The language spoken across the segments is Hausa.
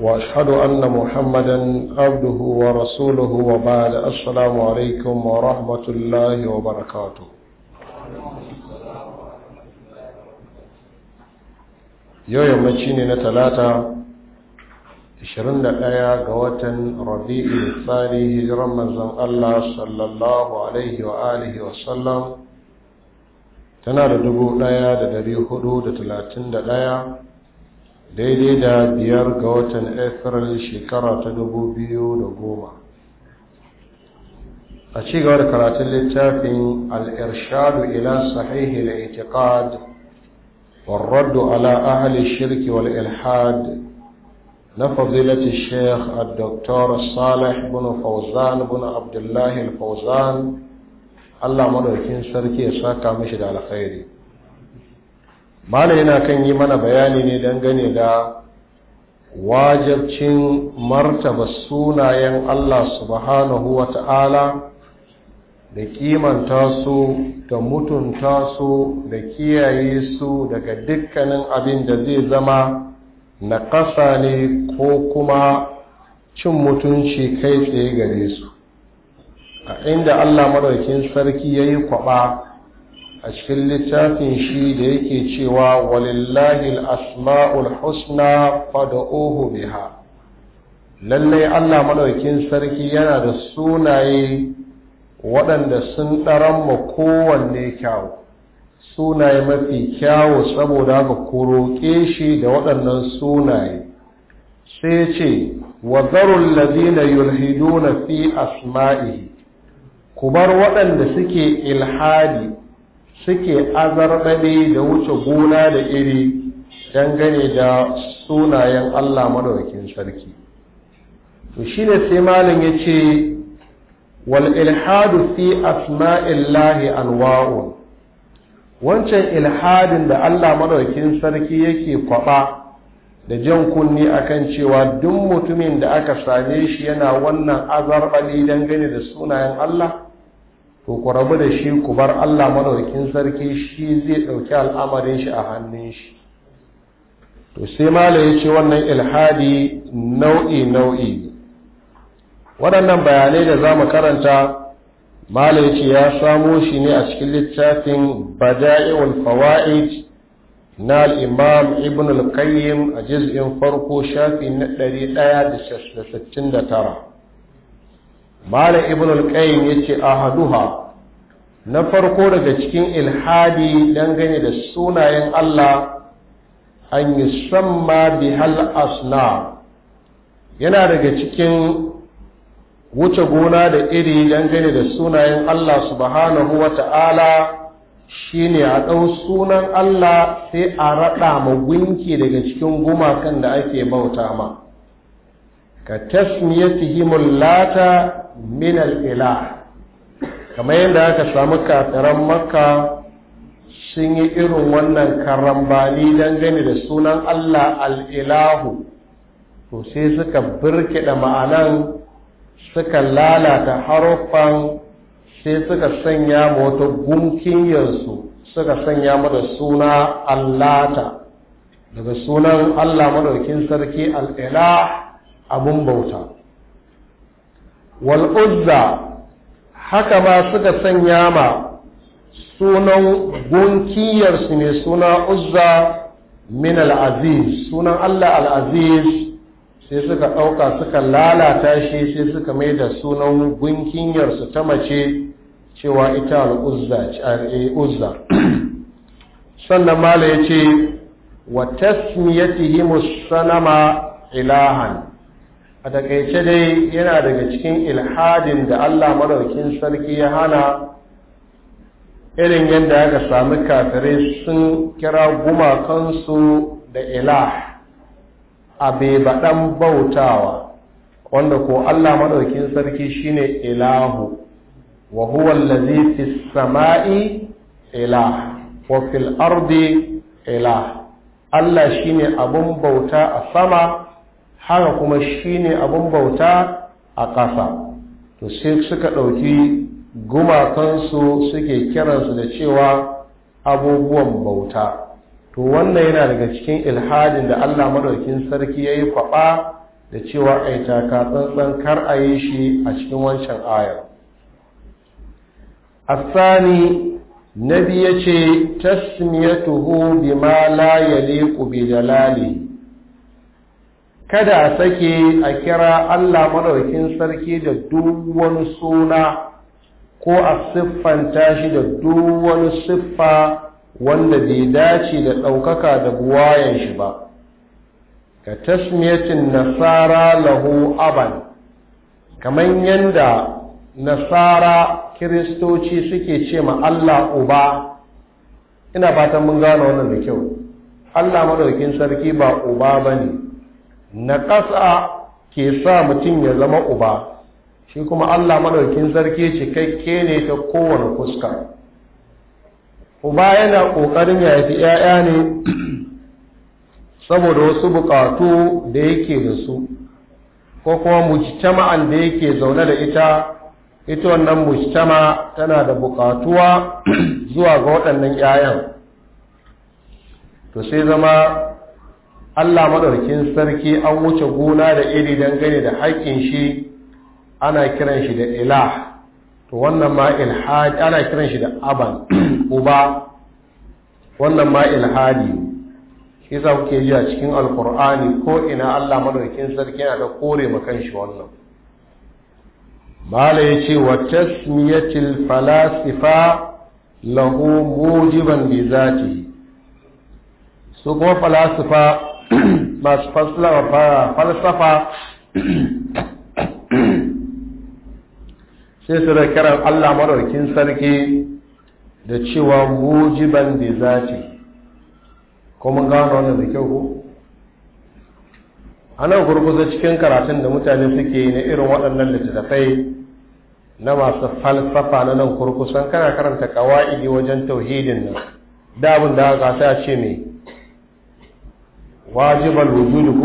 وأشهد أن محمدا عبده ورسوله وبعد السلام عليكم ورحمة الله وبركاته yau yammaci ne na talata 21 ga watan rabi'u tsari Allah manzan tana da dubu ɗaya da wasallam hudu da ɗaya. daidai da biyar ga watan Afril shekara ta dubu biyu da goma. a cigaba da karatun littafin al’irshadu ila sahihi la itiqad warraddu ala ahali shirki wal ilhad na fazilati sheikh a doktor salih bin fauzan bin abdullahi fauzan allah madaukin sarki ya saka mashi da alkhairi malam yana kan yi mana bayani ne dangane da wajabcin martaba sunayen Allah subhanahu wa ta'ala da kimanta su da mutunta su da kiyaye su daga dukkanin abin da zai zama na ƙasa ne ko kuma cin mutunci kai tsaye gare su a inda Allah madaukin sarki ya yi kwaɓa a cikin littafin shi da yake cewa walillahi asma'ul husna fad'uhu biha lallai Allah maɗaukin sarki yana da sunaye waɗanda sun ɗaran mu kowanne kyawu sunaye mafi kyawu saboda ga ku shi da waɗannan sunaye sai ce wa zarul ladina yulhiduna fi asma'ihi ku bar waɗanda suke ilhadi suke azarɗaɗe da wuce gona da iri dangane da sunayen Allah madaukin sarki to shine sai malam ya ce wal ilhadu fi asma'illahi alwa'u wancan ilhadin da Allah madaukin sarki yake kwaɓa da jan kunni akan cewa duk mutumin da aka same shi yana wannan azarɓaɓe dangane da sunayen Allah to ku rabu da shi ku bar Allah maɗaukin sarki shi zai ɗauki al'amarin shi a hannun shi to sai mala ya ce wannan ilhadi nau'i nau'i waɗannan bayanai da za mu karanta mala ya ce ya samo shi ne a cikin littafin bada'i'ul fawaid na al'imam ibn al a jiz'in farko shafi na 169 mala ibn al-qayyim yace ahaduha na farko daga cikin ilhadi dangane da sunayen Allah an yusamma bihal asna yana daga cikin wuce gona da iri dangane da sunayen Allah subhanahu wa ta'ala shi ne a ɗau sunan Allah sai a raɗa ma gunki daga cikin gumakan da ake bauta ma ka tasmiyatihimul lata min al-ilah kamar yadda aka samu kafiran makka sun yi irin wannan karambani dangane da sunan Allah al'ilahu to sai suka birkida ma'anan suka lalata haruffan sai suka sanya wata yansu suka sanya mata suna allata daga sunan Allah madaukin sarki al'ilah abun bauta wal'uzza haka ma suka sanya ma sunan gunkiyarsu ne suna uzza min al'aziz sunan Allah al'aziz sai suka ɗauka suka lalata shi sai suka mai da sunan gunkiyarsu ta mace cewa ita al'uzza eh, sannan mala ya ce wa tasmiyatihim sanama ilahan a takaice dai yana daga cikin ilhadin da Allah madaukin sarki ya hana irin yadda aka sami kafirai sun kira gumakansu da ilah a bebaɗan bautawa wanda ko Allah madaukin sarki shine ilahu wa huwa allazi fis sama'i ilah wa fil ardi ilah Allah shine abun bauta a sama haka kuma shine abin bauta a ƙasa to sai suka ɗauki gumakansu suke kiransu da cewa abubuwan bauta to wannan yana daga cikin ilhadin da allah maɗaukin sarki ya yi kwaɓa da cewa 'Aita, yi tsantsan kar a yi shi a cikin wancan ayar asani nabi ya ce tasmiyatuhu ma la yaliqu bi jalali kada a sake a kira Allah madaukin sarki da duk wani suna ko a siffanta shi da duk wani siffa wanda bai dace da ɗaukaka da buwayen shi ba ka tasmiyatin nasara lahu aban kamar yanda nasara kiristoci suke ce ma Allah uba ina fatan mun gane wannan da kyau Allah madaukin sarki ba uba bane na ƙasa ke sa mutum ya zama uba shi kuma allah maɗaukin sarki cikakke ne ta kowane fuska uba yana ƙoƙarin ya haifi 'ya'ya ne saboda wasu buƙatu da yake da su ko kuma mujtama'an da yake zaune da ita ita wannan mujtama tana da buƙatuwa zuwa ga waɗannan 'ya'yan to sai zama Allah madaukin sarki an wuce gona da iri dangane da haƙƙin shi ana kiran shi da ilah to wannan ma ilhadi ana kiran shi da aban uba wannan ma ilhadi shi yasa kuke ji a cikin alkur'ani ko ina Allah madaukin sarki yana da kore makan shi wannan mala yace wa tasmiyatil falasifa lahu mujiban bi su kuma falasifa masu falsafa sai su da kiran Allah maɗaukin sarki da cewa mujiban da zace kuma gano wannan da kyau ko a nan gurguza cikin karatun da mutane suke yi na irin waɗannan littattafai na masu falsafa na nan kurkusan kana karanta kawa'idi wajen tauhidin nan da abin da aka sai a ce mai wajibal wujud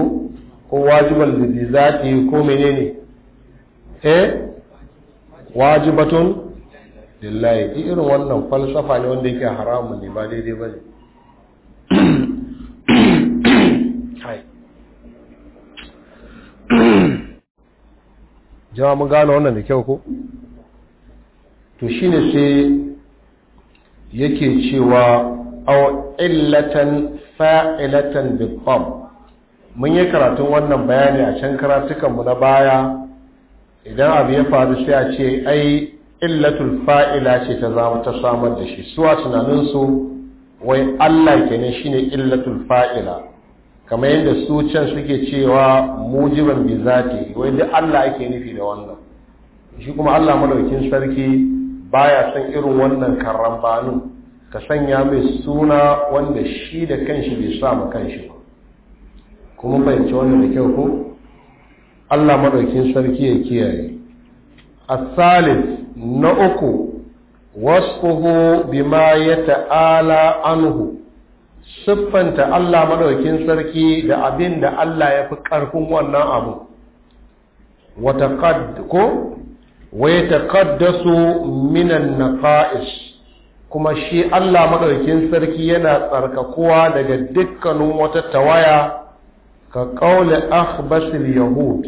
ko wajibal bi zati ko menene E wajibatun lillahi irin wannan falsafa ne wanda yake haramun ne ba daidai ba ne jama mun gano wannan da kyau ko to shine sai yake cewa aw illatan fa'ilatan bitbam mun yi karatun wannan bayani a can karatukanmu na baya idan abu ya faru sai a ce ai illatul fa'ila ce ta zama ta samar da shi suwa tunaninsu wai Allah kenan shine illatul fa'ila kamar yadda su can suke cewa mujiban bi zati wai duk Allah ake nufi da wannan shi kuma Allah madaukin sarki baya son irin wannan karambanu ka sanya mai suna wanda shi da kanshi bai sa ma kanshi ba kuma fahimci wannan da kyau ko Allah madaukin sarki ya kiyaye A salis na uku wasfuhu bima yata'ala anhu siffanta Allah madaukin sarki da abin da Allah ya fi karfin wannan abu wa taqad ko wa yataqaddasu minan naqa'is kuma shi Allah maɗaukin sarki yana tsarkakuwa daga dukkanin wata tawaya ka ƙaule akhbasil yahud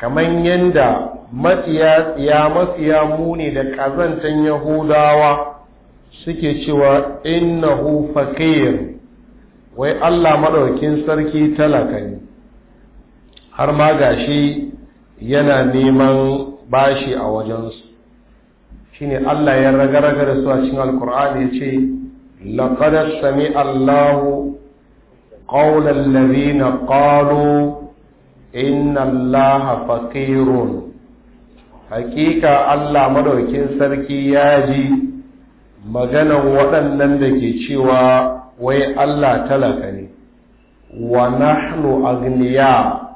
kaman yanda matiya ya matsiya muni da kazantan yahudawa suke cewa innahu faqir wai Allah maɗaukin sarki talaka ne har ma gashi yana neman bashi a wajensu shine Allah ya ragaraga da su a cikin alkur'ani ya ce laƙadar sami Allahu ƙaunar na ƙalo inna Allah faƙirun hakika Allah madaukin sarki ya ji maganan waɗannan da ke cewa wai Allah talaka ne wa nahnu agniya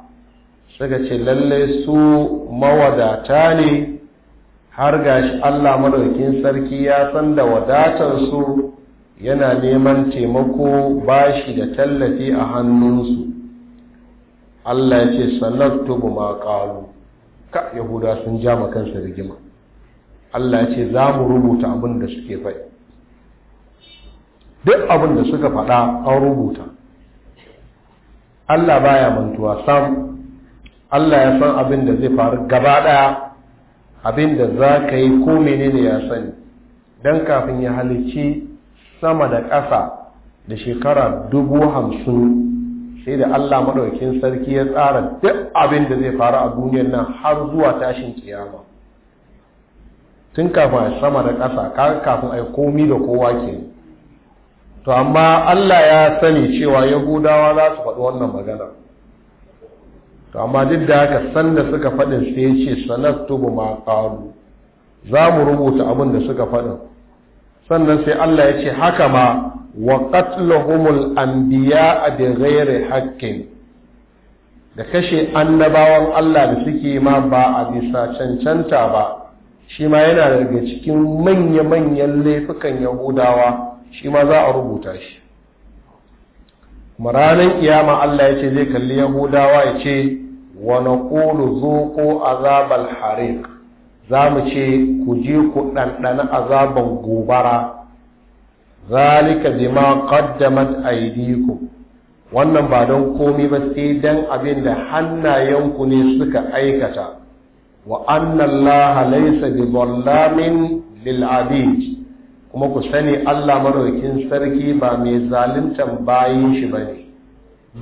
suka ce lallai su mawadata ne har gashi Allah madaukin sarki ya san da wadatar su yana neman taimako bashi da tallafi a hannunsu Allah ya ce sanaktubu ma qalu ka yahuda sun ja kansa rigima Allah ya ce za mu rubuta abin da suke faɗi duk abin da suka faɗa an rubuta Allah baya mantuwa sam Allah ya san abin da zai faru gaba ɗaya abin da za ka yi ko menene ya sani don kafin ya halicci sama da ƙasa da shekara dubu hamsin sai da Allah maɗaukin sarki ya tsara duk abin da zai faru a duniyar nan har zuwa tashin kiyama tun kafin sama da ƙasa kafin ai komi da kowa ke to amma Allah ya sani cewa yahudawa za su faɗi wannan magana to amma duk da haka sanda suka faɗin sai ya ce sanaktubu ma qalu za mu rubuta abin da suka faɗin sannan sai Allah ya ce haka ma wa qatluhumul anbiya bi ghairi haqqin da kashe annabawan Allah da suke ma ba a bisa cancanta ba shi ma yana daga cikin manya-manyan laifukan yahudawa shi ma za a rubuta shi kuma ranar kiyama Allah ya ce zai kalli yahudawa ya ce wa naqulu zuqu azabal hariq za mu ce ku je ku ɗanɗana azaban gobara zalika bima qaddamat aydikum wannan ba don komai ba sai dan abin da hannayenku ne suka aikata wa annallaha laysa bi dhallamin lil abid kuma ku sani Allah maraukin sarki ba mai zalimtan bayin shi ba ne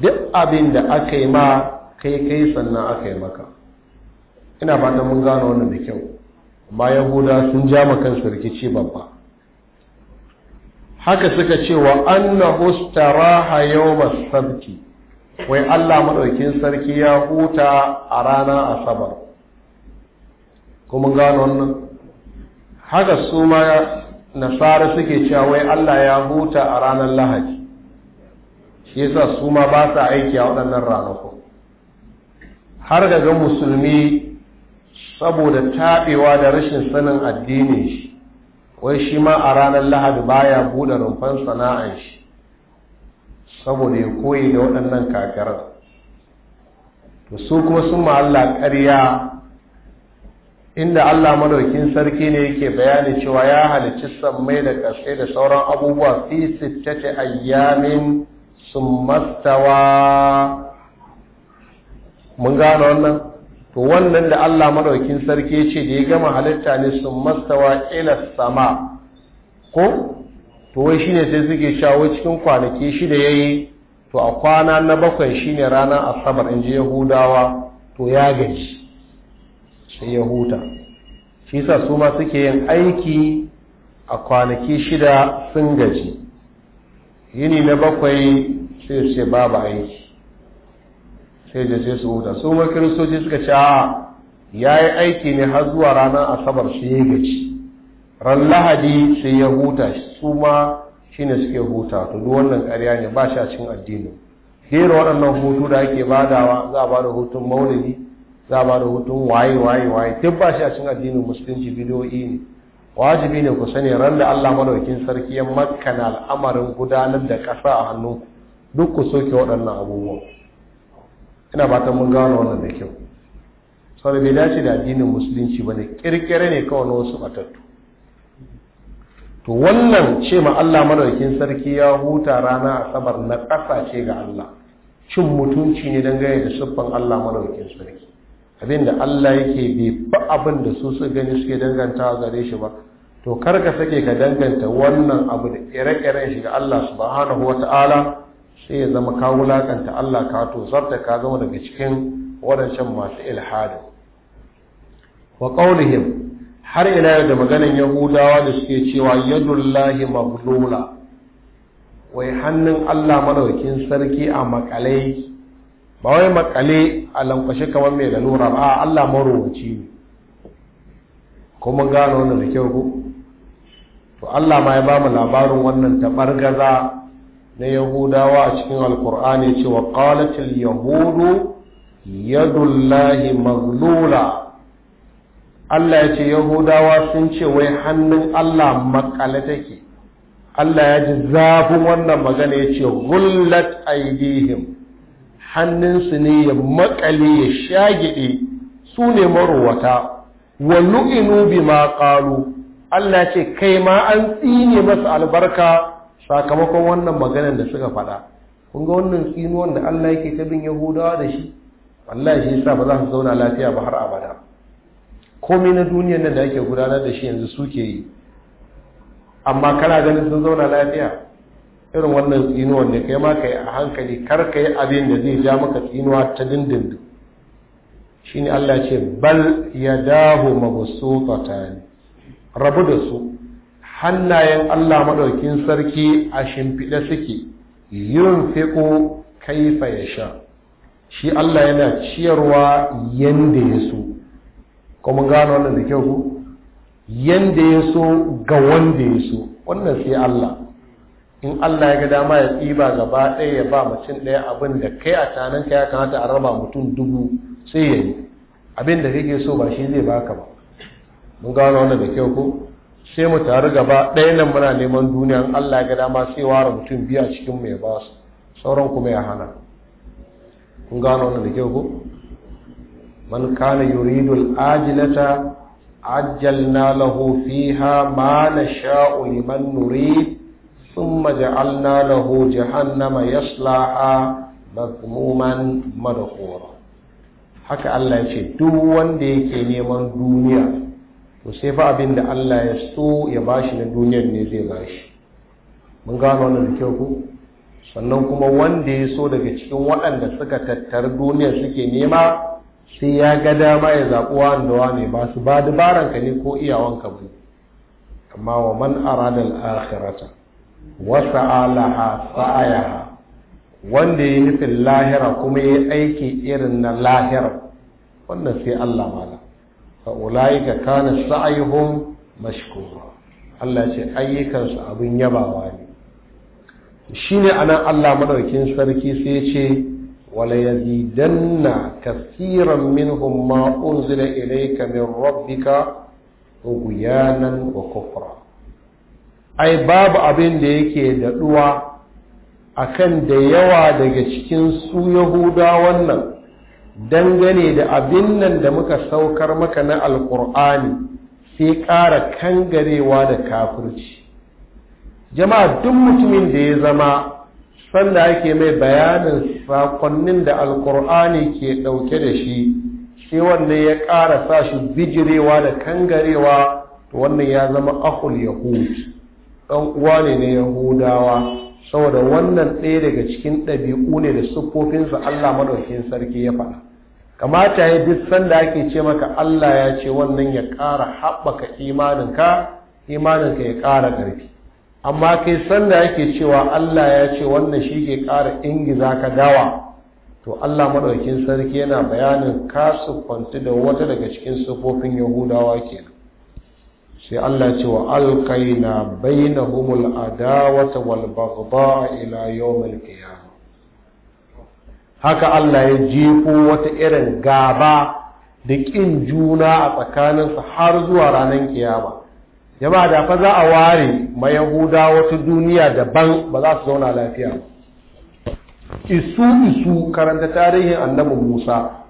duk abin da aka yi ma kai kai sannan aka yi maka ina da mun gano wannan da kyau amma yahuda sun ja sarki rikici babba haka suka ce wa anna istaraha yawmas sabti wai Allah madaukin sarki ya huta a rana asabar kuma gano wannan haka su ma nasara suke cewa wai Allah ya huta a ranar lahadi shi yasa su ma ba sa aiki a waɗannan ranakun har daga musulmi saboda taɓewa da rashin sanin addinin shi wai shi ma a ranar lahadi baya buɗe rumfan sana'an shi saboda ya koyi da waɗannan kakarar to su kuma sun ma Allah ƙarya inda Allah madaukin sarki ne yake bayani cewa ya halicci sammai da ƙasai da sauran abubuwa fi sittati ayyamin summastawa mun gano wannan to wannan da Allah madaukin sarki ce da ya gama halitta ne summastawa ila sama ko to wai shine sai suke shawo cikin kwanaki shida yayi to a kwana na bakwai shine ranar asabar inji yahudawa to ya gaji sai ya huta shi sa su ma suke yin aiki a kwanaki shida sun gaji yini na bakwai sai ce babu aiki sai da sai su huta su ma kiristoci suka ce a ya yi aiki ne har zuwa ranar asabar sai ya gaji ran lahadi sai ya huta su ma shi ne suke huta to duk wannan ƙarya ne ba shi a cikin addini gera waɗannan hutu da ake badawa za a ba da hutun maulidi za ba hutun waye waye waye duk ba shi a cikin addinin musulunci bidiyoyi ne wajibi ne ku sani ran da Allah madaukin sarki ya makkana al'amarin gudanar da ƙasa a hannun duk ku soke waɗannan abubuwa ina fatan mun gano wannan da kyau saboda bai dace da addinin musulunci bane kirkire ne kawai na wasu matattu to wannan ce ma Allah madaukin sarki ya huta rana asabar na ƙasa ce ga Allah cin mutunci ne dangane da siffan Allah madaukin sarki Abin da Allah yake bi ba abin da su su gani suke dangantawa gare shi ba to karka sake ka danganta wannan abu da ire-iren shi ga Allah subhanahu ta'ala, sai ya zama ka wulakanta Allah ka to zarta ka zama daga cikin waɗancan masu ilhadin wa qaulihim har ila da maganan yahudawa da suke cewa yadullahi mablula wai hannun Allah madaukin sarki a makalai ba wai makale a lankwashe kamar mai lalura ba a Allah marowaci ne kuma mun gano wannan da kyau to Allah ma ya ba mu labarin wannan tabargaza na yahudawa a cikin alkur'ani cewa qalatil yahudu yadullahi maglula Allah ya ce yahudawa sun ce wai hannun Allah makale take Allah ya ji zafin wannan magana ya ce gullat aidihim hannunsu ne ya makale ya shagide su ne marowata wa lu'inu bima qalu Allah ce kai ma an tsine masa albarka sakamakon wannan maganar da suka faɗa kun ga wannan tsino da Allah yake ta bin Yahudawa da shi wallahi shi yasa ba za su zauna lafiya ba har abada komai na duniyar nan da ake gudanar da shi yanzu suke yi amma kana ganin sun zauna lafiya irin wannan tsinuwan da kai ma ka yi a hankali kar ka yi abin da zai ja maka tsinuwa ta dindindin shi ne Allah ce bal ya dahu mabusu ne rabu da su hannayen Allah maɗaukin sarki a shimfiɗe suke yin fiƙo kaifa ya sha shi Allah yana ciyarwa yadda ya so kuma gano wannan da kyau ku yadda ya so ga wanda ya so wannan sai Allah in Allah ya ga dama ya tsiba gaba ɗaya ya ba mutum ɗaya abin da kai a ka ya kamata a raba mutum dubu sai ya yi abin da kake so ba shi zai baka ba mun gano wannan da kyau ko sai mu taru gaba ɗaya nan muna neman duniya in Allah ya ga dama sai ware mutum biya cikin mu ya ba su sauran kuma ya hana mun gano wannan da kyau ko man kana yuridu al-ajilata ajjalna lahu fiha ma nasha'u liman nurid ثم جعلنا له جهنم يصلاها مذموما مدحورا haka Allah ya ce duk wanda yake neman duniya to sai fa abin Allah ya so ya bashi na duniyar ne zai bashi mun gano sannan kuma wanda ya so daga cikin waɗanda suka tattara duniya suke nema sai ya ga dama ya zaɓi wanda wane ba su ba dabaranka ne ko iyawanka ba amma wa man arada al-akhirata wasa alaha sa'ayaha wanda ya nufin lahira kuma ya aiki irin na lahira wannan sai Allah mala fa ulaika kana sa'ayuhum mashkura Allah ce ayyukansu abin yabawa ne shine anan Allah madaukin sarki sai ya ce wala yazidanna kaseeran minhum ma unzila ilayka min rabbika ughyanan wa kufra ai babu abin da yake daɗuwa akan da yawa daga cikin su yahuda wannan dangane da abin nan da muka saukar maka na alkur'ani sai ƙara kangarewa da kafirci jama'a duk mutumin da ya zama sanda ake mai bayanin sakonnin da alkur'ani ke ɗauke da shi sai wannan ya ƙara sa shi bijirewa da kangarewa to wannan ya zama ahul yahudu ɗan uwa ne na yahudawa saboda wannan ɗaya daga cikin ɗabi'u ne da siffofinsa Allah maɗaukin sarki ya faɗa kamata ya duk sanda ake ce maka Allah ya ce wannan ya ƙara haɓaka imaninka imaninka ya ƙara ƙarfi amma kai sanda ake cewa Allah ya ce wannan shi ke ƙara ingiza ka dawa to Allah maɗaukin sarki yana bayanin ka siffanci da wata daga cikin siffofin yahudawa kenan sai Allah ce wa alkaina humul adawata wal bagba ila yawmil qiyamah haka Allah ya jefo wata irin gaba da kin juna a tsakaninsu har zuwa ranar kiyama jama'a da fa za a ware ma yahuda wata duniya daban ba za su zauna lafiya isu isu karanta tarihin annabi Musa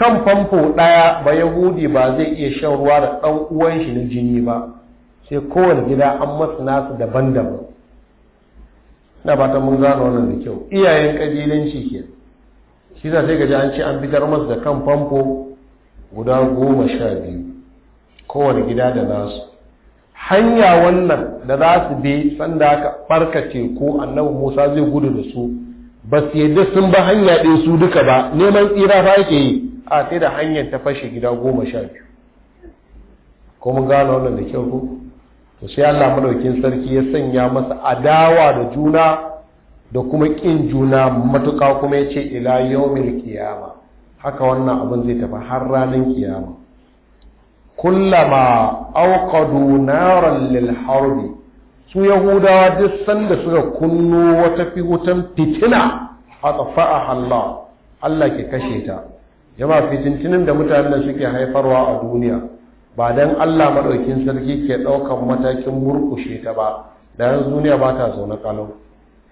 kan famfo ɗaya ba yahudi ba zai iya shan ruwa da ɗan uwan shi na jini ba sai kowane gida an masu nasu daban-daban na bata mun gano wannan da kyau iyayen ƙabilanci ke shi za sai gaji an ce an fitar masu da kan famfo guda goma sha biyu kowane gida da nasu hanya wannan da za su bi sanda aka barkace ko annabi musa zai gudu da su ba su yadda sun ba hanya ɗin su duka ba neman tsira fa yake yi a sai da hanyar ta fashe gida goma sha biyu ko mun gano wannan da kyau to sai Allah madaukin sarki ya sanya masa adawa da juna da kuma ƙin juna matuƙa kuma ya ce ila yawmil qiyama haka wannan abin zai tafi har ranar kiyama kullama auqadu naran lil harbi su yahudawa duk sanda suka kunno wata fi wutan fitina a Allah Allah ke kashe ta jama fitintinin da mutanen suke haifarwa a duniya ba don allah maɗaukin sarki ke ɗaukan matakin murkushe ta ba da yanzu duniya ba ta zaune kalau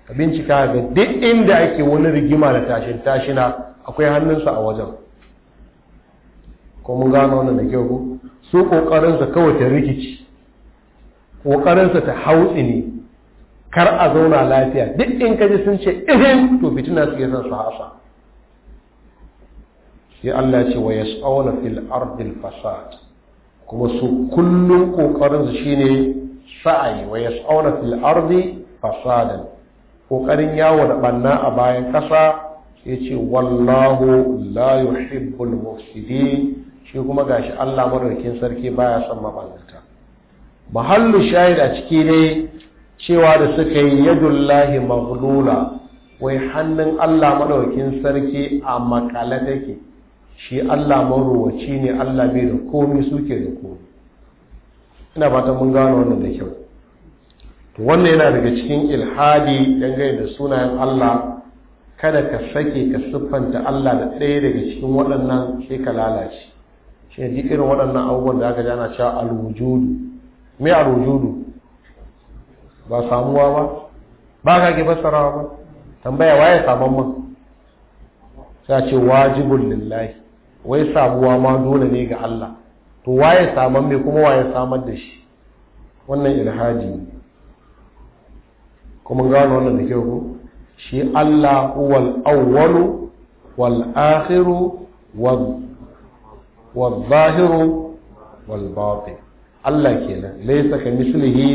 ka bincika ga duk inda ake wani rigima da tashin tashina akwai hannunsa a wajen ko mun gano wannan da kyau su ƙoƙarinsa kawai ta rikici ƙoƙarinsa ta hautsi ne kar a zauna lafiya duk in kaji sun ce ihin to fitina suke son su hasa sai Allah ce wa yas'awna fil al fasad kuma su kullum kokarin su shine sa'i wa yas'awna fil ardi fasadan kokarin yawo da banna a bayan kasa yace wallahu la al mufsidin shi kuma gashi Allah madaukakin sarki baya son maballata mahallu shahid a ciki ne cewa da suka yi yadullahi maghlula wai hannun Allah madaukakin sarki a makale take shi Allah marowaci ne Allah bai da komi suke da komi ina fatan mun gano wannan da kyau to wannan yana daga cikin ilhadi dangane da sunayen Allah kada ka sake ka siffanta Allah da ɗaya daga cikin waɗannan sai ka lalace shi ne irin waɗannan abubuwan da aka ji ana cewa alwujudu me alwujudu ba samuwa ba ba ka ke fassarawa ba tambaya waye saman man sai ce wajibul lillahi wai samuwa ma dole ne ga Allah to waye saman mai kuma waye samar da shi wannan ilhaji ne kuma gano wannan da kyau ko shi Allah wal awwalu wal akhiru wal zahiru wal batin Allah kenan laysa ka mislihi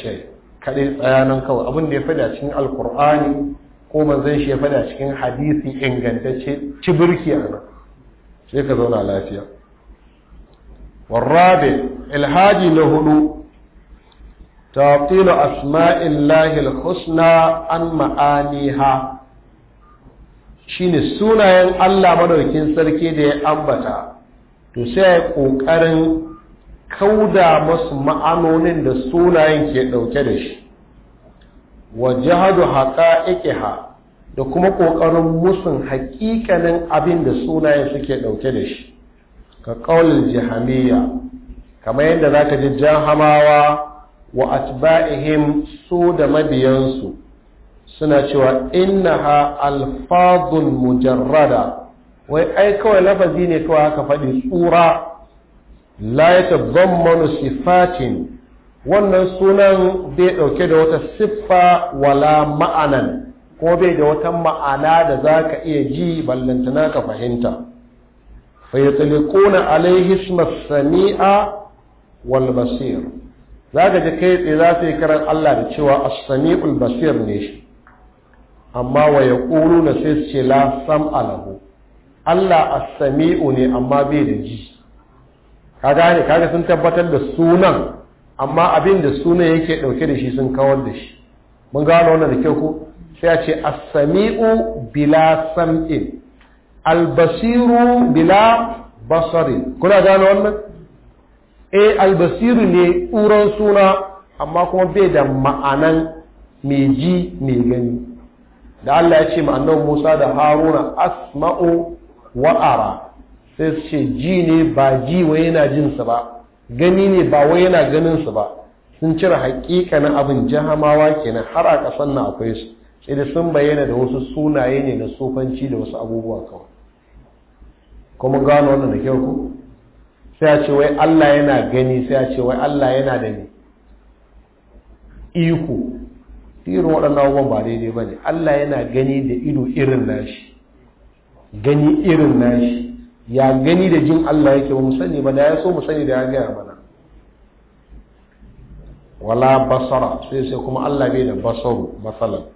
shay kadai nan kawai abin da ya fada cikin alqur'ani ko manzon shi ya fada cikin hadisi ingantacce birki a nan sai ka zauna lafiya warrabe ilhaji na hudu tawqilu أسماء husna الحسنى an ma'aniha shine sunayen Allah madaukin sarki da ya ambata to sai kokarin kauda masu ma'anonin da sunayen ke dauke da shi wajhadu haqa'iqiha da kuma ƙoƙarin musun haƙiƙanin abin da sunayen suke ɗauke da shi ka ƙaunin jihamiya kamar yadda za ka ji jahamawa wa atba'ihim su da mabiyansu suna cewa ha alfazun mujarrada wai ai kawai lafazi ne kawai aka faɗi tsura la ya sifatin wannan sunan bai ɗauke da wata siffa wala ma'anan ko bai da wata ma'ana da za ka iya ji ballantana ka fahimta fayyatalikuna alaihi sami'a walbasir. za ka ji kai tsaye za su yi karar Allah da cewa as-sami'ul basir ne shi amma wa ya na sai su ce la sam'a lahu Allah as-sami'u ne amma bai da ji ka gane kaga sun tabbatar da sunan amma abin da sunan yake dauke da shi sun kawar da shi mun gano wannan da kyau ko sai a ce as bila sam'in albasiru bila basarin kuna gano wannan eh al ne uran suna amma kuma bai da ma'anan mai ji mai gani da Allah ya ce ma'anan Musa da Haruna asma'u wa'ara sai su ce ji ne ba ji wai yana jinsa ba gani ne ba wai yana ganinsa ba sun cire na abin jahamawa kenan har a ƙasan na akwai su sai sun bayyana da wasu sunaye ne na tsofanci da wasu abubuwa kawai kuma gano wannan da kyau ko sai a ce wai Allah yana gani sai a ce wai Allah yana da ne iko irin waɗannan abubuwan ba daidai ba ne Allah yana gani da ido irin nashi gani irin nashi ya gani da jin Allah yake ba mu sani ba da ya so mu sani da ya gaya mana wala basara sai sai kuma Allah bai da basaru masalan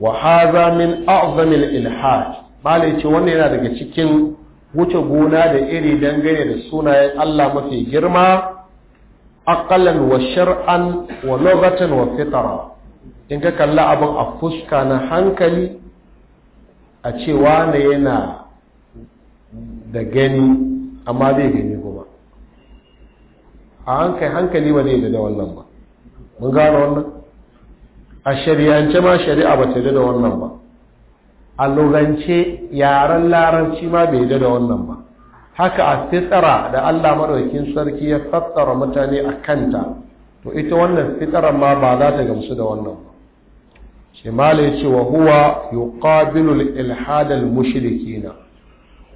wa haza min a'zamil ilhad malai ce wannan yana daga cikin wuce gona da iri dangane da sunayen Allah mafi girma aqalan wa shar'an wa lughatan wa fitra in ka kalla abin a fuska na hankali a cewa ne yana da gani amma zai gani kuma a hankali hankali ba zai da wannan ba mun gano wannan a shari'ance ma shari'a ba ta da wannan ba a lugance yaren laranci ma bai da da wannan ba haka a fitsara da allah maɗaukin sarki ya fassara mutane a kanta to ita wannan fitsarar ma ba za ta gamsu da wannan ba shi mala ya ce wa huwa yuqabilu ilhadal al mushrikina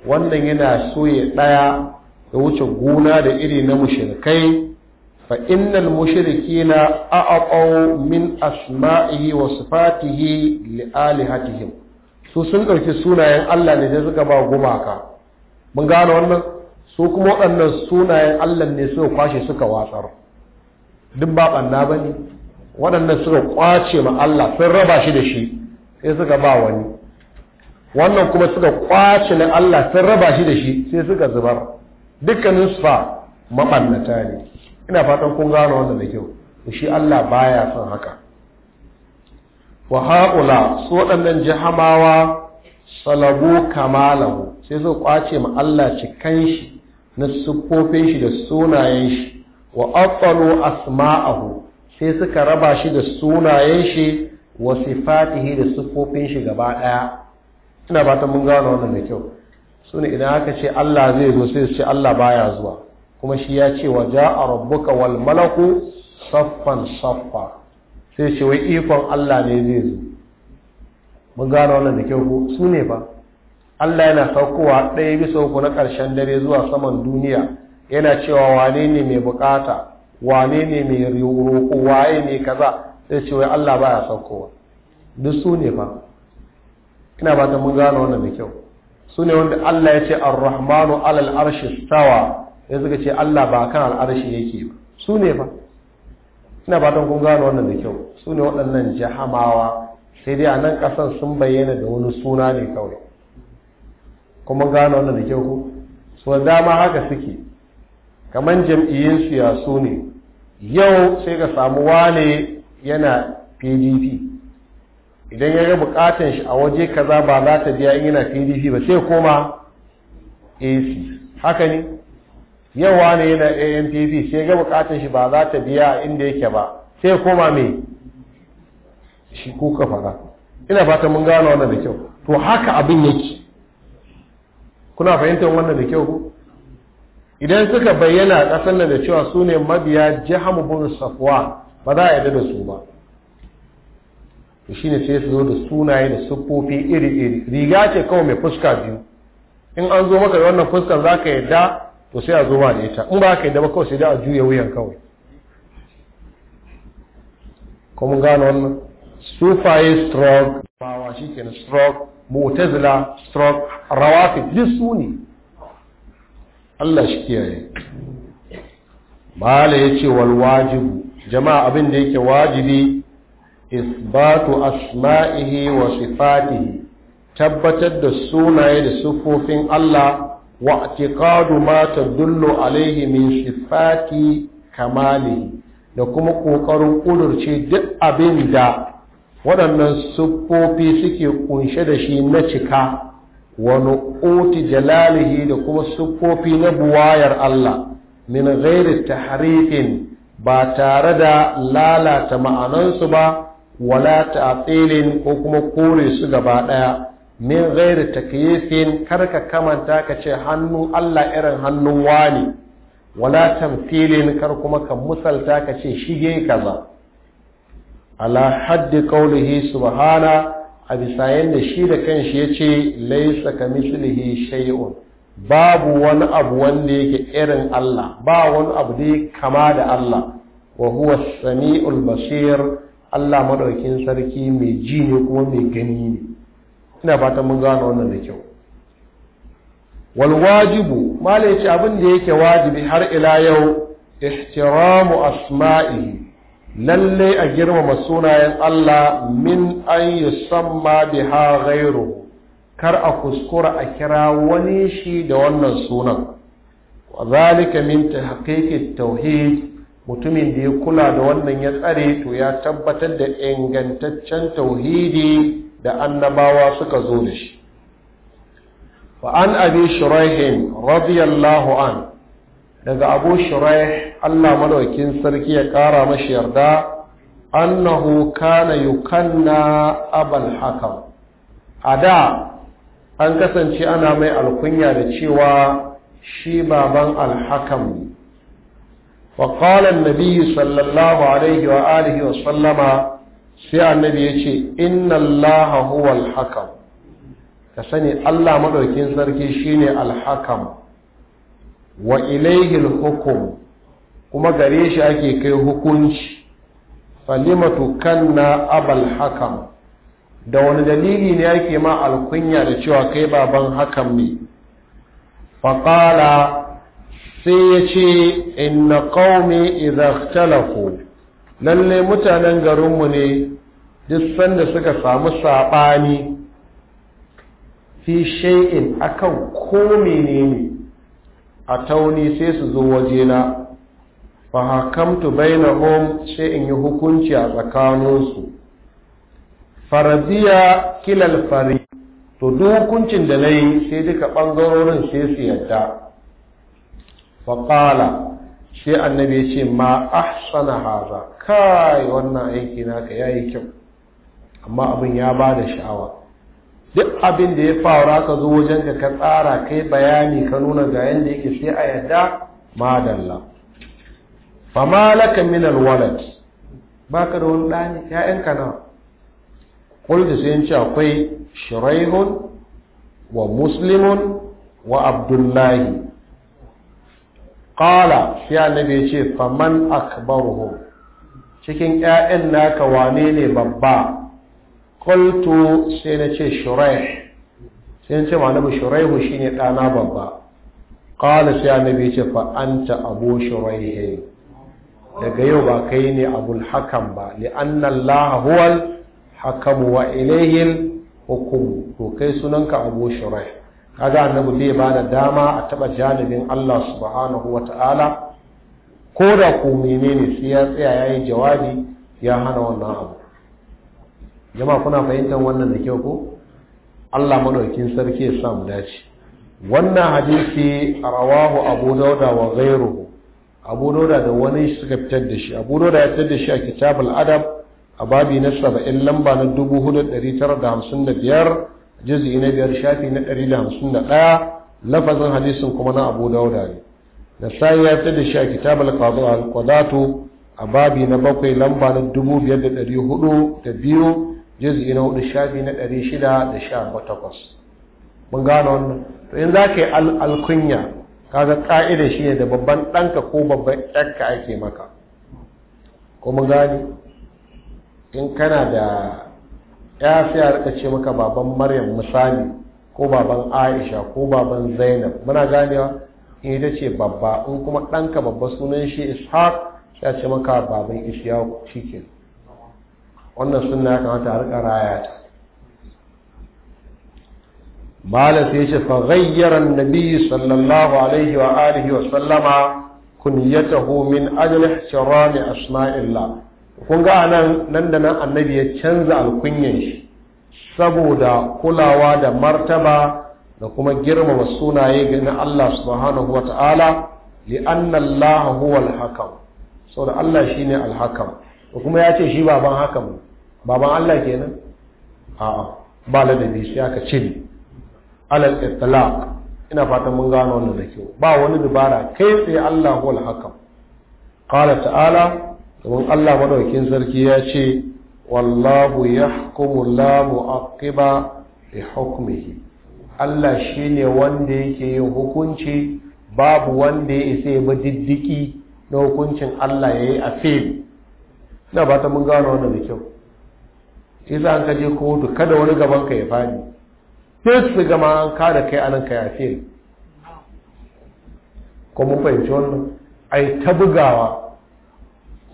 wannan yana so ya ɗaya ya wuce gona da iri na kai. fa innal mushrikina a'aqaw min asma'ihi wa sifatihi li alihatihim su sun ɗauki sunayen Allah ne sai suka ba gumaka mun gano wannan su kuma waɗannan sunayen Allah ne suka kwashe suka watsar duk ba ɓanna ba ne waɗannan suka kwace ma Allah sun raba shi da shi sai suka ba wani wannan kuma suka kwace na Allah sun raba shi da shi sai suka zubar dukkanin su fa maɓannata ne ina fatan kun gano wannan da kyau shi Allah baya son haka wa haƙula su waɗannan jahamawa salabu kamalahu sai su kwace ma Allah cikan shi na siffofin shi da sunayen shi wa aftalu asma'ahu sai suka raba shi da sunayen shi wa sifatihi da siffofin shi gaba ɗaya ina fatan mun gano wannan da kyau sune idan aka ce Allah zai zo sai su ce Allah baya zuwa kuma shi ya ce wa ja'a rabbuka wal malaku saffan saffa sai ce wai ikon Allah ne zai zo mun gano wannan da kyau ko su ne ba Allah yana saukowa ɗaya bisa uku na ƙarshen dare zuwa saman duniya yana cewa wane ne mai bukata wane ne mai roƙo waye ne kaza sai ce wai Allah baya saukowa duk su ne fa ina ba ta mun gano wannan da kyau su ne wanda Allah ya ce ar-rahmanu alal arshi stawa sai suka ce Allah ba kan al'arshi yake ba su ne ba ina don kun gano wannan da kyau su ne waɗannan jahamawa sai dai a nan ƙasan sun bayyana da wani suna ne kawai kuma gano wannan da kyau ko? Su dama haka suke kamar su ya su ne yau sai ka samu wane yana pdp idan ya ga bukatan shi a waje kaza ba za ta biya in yana pdp ba sai koma ac haka ne yau wane yana ANPP sai ga bukatun shi ba za ta biya inda yake ba sai koma me shi kuka fara ina fata mun gano wannan da kyau to haka abin yake kuna fahimtar wannan da kyau idan suka bayyana a ƙasar nan da cewa su ne mabiya jiham bin safuwa ba za a yarda da su ba to ne sai su zo da sunaye da siffofi iri iri riga ce kawai mai fuska biyu in an zo maka da wannan fuskar za ka yadda. to sai a zo ma da ita in ba ka yi daba kawai sai da a juya wuyan kawai kuma gano wannan sufaye stroke bawa shi ke stroke mutazila stroke rawafi duk su ne allah shi kiyaye bala ya ce wal wajibu jama'a abin da yake wajibi isbatu asma'ihi wa sifatihi tabbatar da sunaye da sufofin allah واعتقاد ما تدل عليه من صفات كماله da kuma ƙoƙarin kudurce duk abin da waɗannan siffofi suke kunshe da shi na cika wani oti jalalihi da kuma siffofi na buwayar Allah min ghairi tahrifin ba tare da lalata ma'anansu ba wala ta'tilin ko kuma kore su gaba ɗaya min ghairi takyifin ka kamanta ka ce hannu Allah irin hannun wani wala tamthilin kar kuma ka musalta ka ce shige kaza ala haddi qawlihi subhana a bisa yanda shi da kanshi yace laysa kamithlihi shay'un babu wani abu wanda yake irin Allah ba wani abu da kama da Allah wa huwa samiul basir Allah madaukin sarki mai ji ne kuma mai gani ne ina fatan mun gano wannan da kyau wal wajibu mala yace abin da yake wajibi har ila yau ihtiramu asma'ihi lalle a girmama sunayen Allah min an yusamma biha ghayru kar a kuskura a kira wani shi da wannan sunan zalika min tahqiqit tauhid mutumin da ya kula da wannan ya tsare to ya tabbatar da ingantaccen tauhidi da annabawa suka zo da shi fa an abi shuraihin radiyallahu an daga abu shuraih Allah madaukin sarki ya ƙara mashi yarda annahu kana yukanna abal hakam da, an kasance ana mai alkunya da cewa shi baban alhakam ne وقال sallallahu alaihi الله عليه wa sallama. sai annabi ya ce inna allaha huwal alhakam ka sani allah maɗaukin sarki shine alhakam wa ilaihil hukum kuma gare shi ake kai hukunci falimatu kanna abal hakam da wani dalili ne yake ma alkunya da cewa kai baban hakam ne faƙala sai ya ce inna ƙaumi idan talafo lalle mutanen garinmu ne duk sanda suka samu saɓani fi shay'in akan ko menene a tauni sai su zo wajena fa hakamtu bainahum sai in yi hukunci a tsakaninsu faradiya kilal fari to duk hukuncin da na yi sai duka ɓangarorin sai su yadda faƙala shi annabi ya ce ma ahsana haza kai wannan aiki na naka yayi kyau amma abin ya ba da sha'awa duk abin da ya faru ka zo wajen ka ka tsara kai bayani ka nuna ga yanda yake sai a yadda ma madalla fama laka min alwalad baka da wani dani ya'yan ka na da sai ce akwai shuraihun wa muslimun wa abdullahi ƙala shi annabi ce faman akbaruhu cikin 'ya'yan naka wane ne babba kultu sai na ce shuraih sai na ce ma annabi shuraihu shine ɗana babba ƙala sai annabi ce fa anta abu shuraihi daga yau ba kai ne abul hakan ba li'anna allaha huwal hakamu wa ilayhil hukum to kai sunanka abu shuraih kaga annabi bai ba da dama a taba janibin Allah subhanahu wa ta'ala? ko da ko menene sai ya tsaya yayi jawabi ya hana wannan abu jama'a kuna fahimtar wannan da kyau ko Allah madaukakin sarki ya sa mu dace wannan hadisi rawahu Abu Dawud wa ghayruhu Abu Dawud da wani suka fitar da shi Abu Dawud ya fitar da shi a Kitabul Adab a babi na 70 lamba na 4955 جزء na biyar shafi na ɗari da hamsin da ɗaya lafazin hadisin kuma na abu dauda ne da ya fitar da shi a kitabul qadatu a babi na bakwai lamba na dubu biyar da ɗari hudu da biyu za ka yi kaga ka'ida shi ne da babban ɗanka ko babban ɗanka ake maka Kuma gani in kana da ya sai a rika ce maka baban maryam misali ko baban aisha ko baban zainab muna ganewa in eh, ita ce babba in kuma ɗanka babba sunan shi ishaq ya ce maka baban ishaku shike wannan sunna ya kamata a rika raya ta malam sai ce fa ghayyara annabi sallallahu alaihi wa alihi wa sallama kunyatahu min ajli ihtirami asma'illah kun ga nan nan da nan annabi ya canza alkunyan shi saboda kulawa da martaba da kuma girmama sunaye ga na Allah subhanahu wata'ala li anna Allah huwa al-hakam saboda Allah shine al-hakam kuma ya ce shi baban hakam baban Allah kenan a'a ba ladabi sai aka cire alal itlaq ina fatan mun gano wannan da kyau ba wani dubara kai tsaye Allah huwa al-hakam qala ta'ala domin Allah maɗaukin sarki ya ce wallahu yahkumu la mu'aqqiba bi hukmihi Allah shine wanda yake yin hukunci babu wanda ya isa ba diddiki na hukuncin Allah yayi a fil na ba ta mun gano wannan da kyau sai za ka je kotu kada wani gaban ka ya fadi sai su gama an kada kai anan ka ya fil ko mun fahimci wannan ai ta bugawa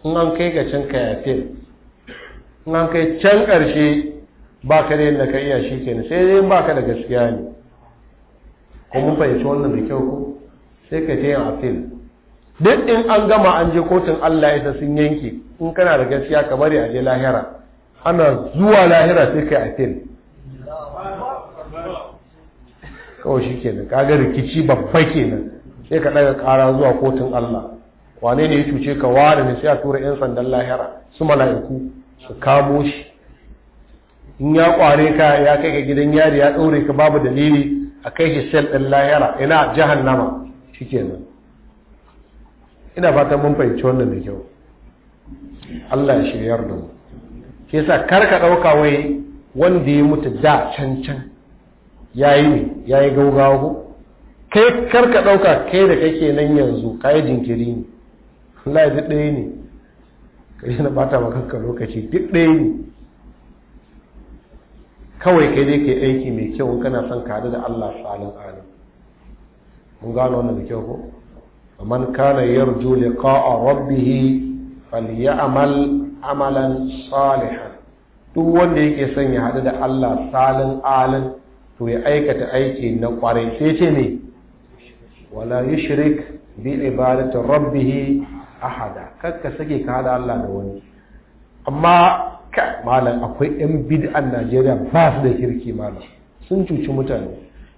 in an kai ka can ka yafe in an kai can ƙarshe ba ka da yadda ka iya shi kenan sai dai ba ka da gaskiya ne ko mun fahimci wannan da kyau ko sai ka ta yin afil duk in an gama an je kotun Allah ya sun yanke in kana da gaskiya ka bari a je lahira ana zuwa lahira sai ka yi afil kawai shi kenan kaga rikici babba nan. sai ka daga kara zuwa kotun Allah wane ne ya cuce ka ware ne sai a tura 'yan sandan lahira su mala'iku su kamo shi in ya kware ka ya kai ka gidan yari ya ɗaure ka babu dalili a kai shi sel ɗin lahira ina jahannama shi kenan ina fatan mun fahimci wannan da kyau Allah ya shiryar da mu ke sa kar ka ɗauka wai wanda ya mutu da can can ya yi ne ya yi gaugawa kai kar ka ɗauka kai da kake nan yanzu ka yi jinkiri ne Allah duk ɗaya ne kai na bata ma kanka lokaci duk ɗaya ne kawai kai dai kai aiki mai kyau kana son ka da Allah salin alim mun gano wannan da kyau ko man kana yarju liqa'a rabbih falyamal amalan salihan duk wanda yake son ya hadu da Allah salin alim to ya aikata aiki na kwarai sai ce ne wala yushrik bi ibadati rabbih ahada kakka sake ka hada Allah da wani amma ka malam akwai yan bid'an Najeriya ba su da kirki malam sun cuci mutane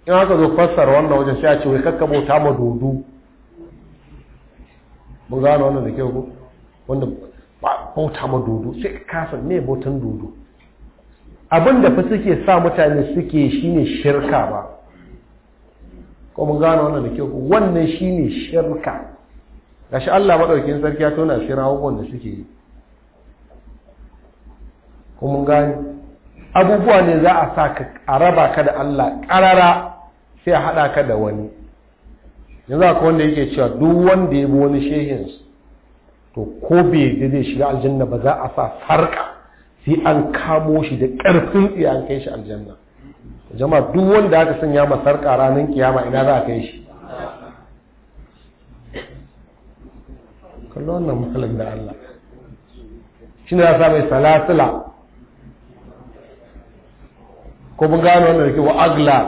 in aka zo fassara wannan wajen sai a ce wai kakka bauta ma dodo mun gano wannan da kyau ko wanda bauta ma dodo sai kasa ne bautan dodo abin da fa suke sa mutane suke shine shirka ba ko mun gano wannan da kyau wannan shine shirka gashi Allah maɗaukin sarki ya tona shi rawakon da suke yi kuma gani abubuwa ne za a sa ka a raba ka da Allah ƙarara sai a haɗa ka da wani yanzu akwai wanda yake cewa duk wanda ya bi wani shehin to ko bai da zai shiga aljanna ba za a sa farka sai an kamo shi da ƙarfin tsiya an kai shi aljanna jama'a duk wanda aka sanya ma sarƙa ranar kiyama ina za a kai shi kallo wannan malam da Allah shi ne sa mai salasila ko mun gano wannan da ke wa agla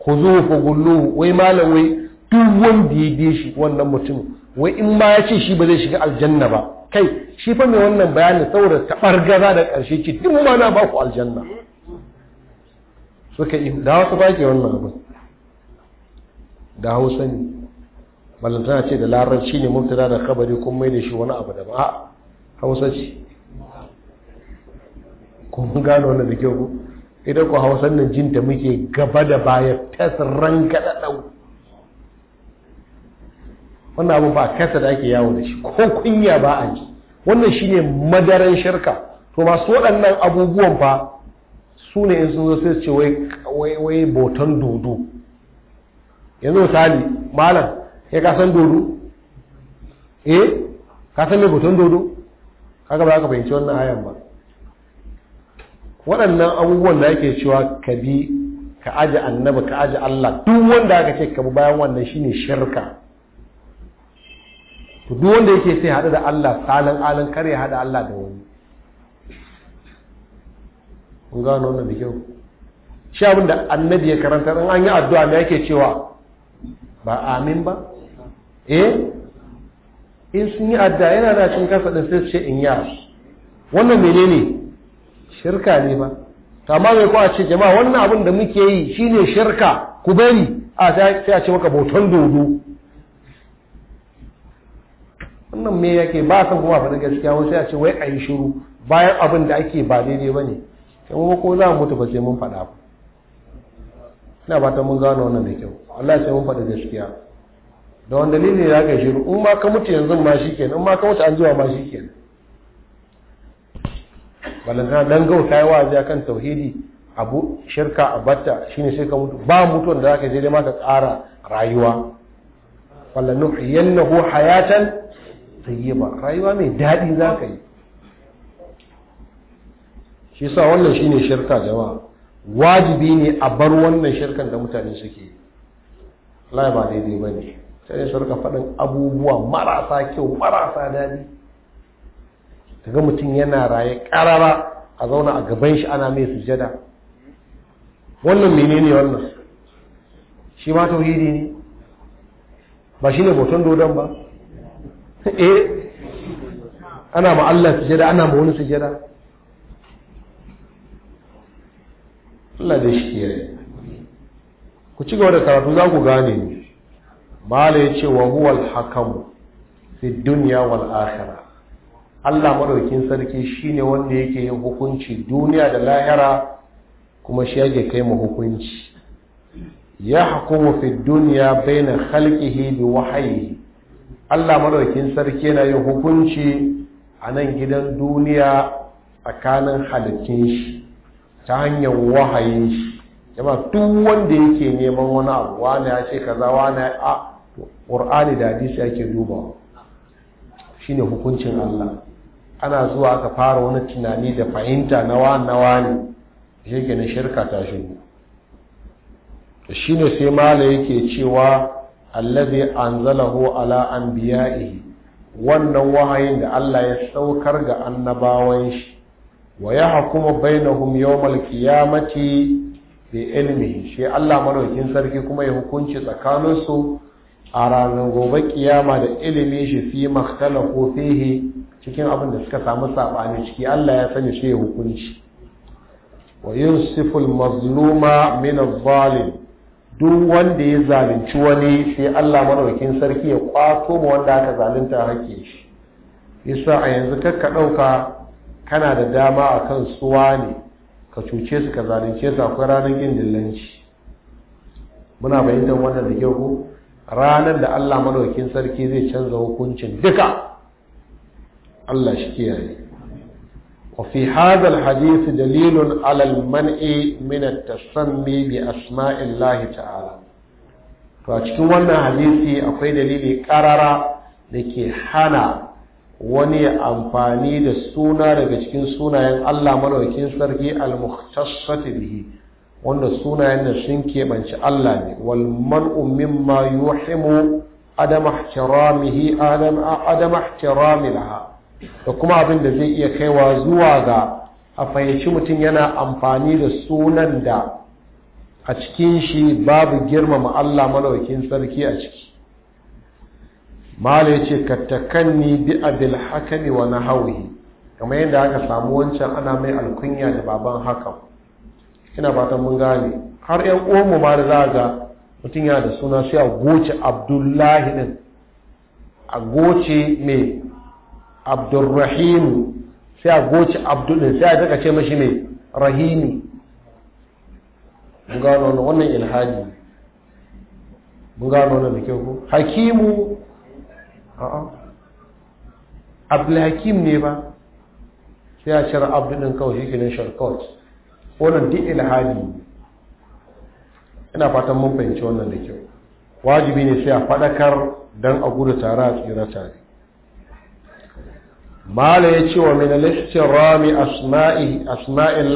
ku zuwa gullu wai malam wai duk wanda ya bi shi wannan mutum wai in ma ya ce shi ba zai shiga aljanna ba kai shi fa mai wannan bayanin saboda gaza da karshe ce duk ma na ba ku aljanna suka yi da wasu ba ke wannan abin da hausa ne ballantana ce da larabci ne Murtala da khabari kun mai da shi wani abu da ba hausa ce kun gano wannan da kyau idan ku Hausa nan jinta muke gaba da baya tas rangada dau wannan abu ba kasa da ake yawo da shi ko kunya ba a ji wannan shine madaran shirka to masu waɗannan abubuwan fa su ne in sun zo sai ce wai wai botan dodo yanzu misali malam E ka san dodo e ka san mai hoton dodo kaga ba ka fahimci wannan ayan ba waɗannan abubuwan da yake cewa ka bi ka aji annabi ka aji Allah duk wanda aka ce ka bi bayan wannan shine shirka to duk wanda yake sai hada da Allah salan alan kare hada Allah da wani kun gano wannan da kyau shi abin da annabi ya karanta an yi addu'a me yake cewa ba amin ba eh in sun yi adda yana da cin kasa din sai ce in ya wannan menene shirka ne ba to amma mai ko a ce jama'a wannan abin da muke yi shine shirka ku bari a sai a ce maka boton dodo wannan me yake ba san kuma faɗin gaskiya wai sai a ce wai a yi shiru bayan abin da ake ba daidai ba ne kuma ko za mu mutu ba sai mun faɗa ba ina ba ta mun gano wannan da kyau Allah sai mun faɗi gaskiya da wanda dalili ya ga shiru in ma ka mutu yanzu ma shi kenan in ma ka mutu an zuwa ma shi kenan balantana dan gau ta yi wa'azi akan tauhidi abu shirka a batta shine sai ka mutu ba mutuwan da zaka je dai ma ka tsara rayuwa wallan ko hayatan tayyiba rayuwa mai daɗi zaka yi shi sa wannan shine shirka jama'a wajibi ne a bar wannan shirkan da mutane suke Allah ba daidai ba ne. sai ne su rika faɗin abubuwa marasa kyau marasa daɗi ga mutum yana raye ƙarara a zauna a gaban shi ana mai sujada wannan menene wannan shi ma tauhidi ne ba shi ne hoton dodon ba eh ana ma Allah sujada ana ma wani sujada Allah da shi ku ci gaba da karatu za ku gane ni mala ya ce wa huwal hakamu fi duniya wal ahira Allah madaukin sarki shine wanda yake yin hukunci duniya da lahira kuma shi yake kai ma hukunci ya hukumu fi duniya baina khalqihi bi wahyi Allah madaukin sarki yana yin hukunci a nan gidan duniya tsakanin halittun shi ta hanyar wahayin shi yamma duk wanda yake neman wani abu wani ya ce kaza wani a ƙur'ani da hadisi ake duba shine hukuncin Allah ana zuwa aka fara wani tunani da fahimta na nawa ne shi ke na shirka shi ne sai mala yake cewa allazi anzalahu ala anbiya'ihi wannan wahayin da Allah ya saukar ga annabawan shi wa ya bainahum yawmal qiyamati bi ilmihi shi Allah madaukin sarki kuma ya hukunci tsakaninsu a ranar gobe kiyama da ilimi shi fi makhtala ko fihi cikin abin da suka samu sabani ciki Allah ya sani shi hukunci wa yusifu al-mazluma min al-zalim duk wanda ya zalunci wani sai Allah madaukakin sarki ya kwato ma wanda aka zalunta hake shi yasa a yanzu kakka dauka kana da dama akan suwa ne ka cuce su ka zalunce su akwai ranar yin dillanci muna fahimtar wannan da kyau ko ranar da Allah madaukin sarki zai canza hukuncin duka Allah shi kiyaye وفي هذا الحديث دليل على المنع من التسمي بأسماء الله تعالى فأتكون وانا حديثي أقول دليل قرر لكي حنا wani amfani da suna daga cikin sunayen Allah madaukakin sarki al wanda sunayen da sun keɓanci Allah ne wal man'u mimma yuhimu adam ihtiramihi adam adam da kuma abin da zai iya kaiwa zuwa ga a fahimci mutum yana amfani da sunan da a cikin shi babu girmama Allah madaukakin sarki a ciki mala ya ce kattakanni bi abil hakami wa hauhi. kamar yadda aka samu wancan ana mai alkunya da baban hakan ina fatan mun gane har yan omo ba da za ga mutum ya da suna sai a goce abdullahi din a goce mai abdurrahimu sai a goce abdullin sai a daga ce mashi mai rahimi mun gano wannan ilhaji mun gano wannan da kyau ko hakimu a'a ne ba sai a cire abdullin kawai shi kenan shortcut wannan duk ilhadi ina fatan mun fahimci wannan da kyau wajibi ne sai a faɗakar don a gudu tare a tsira tare mala ya ce wa min rami istirami asma'i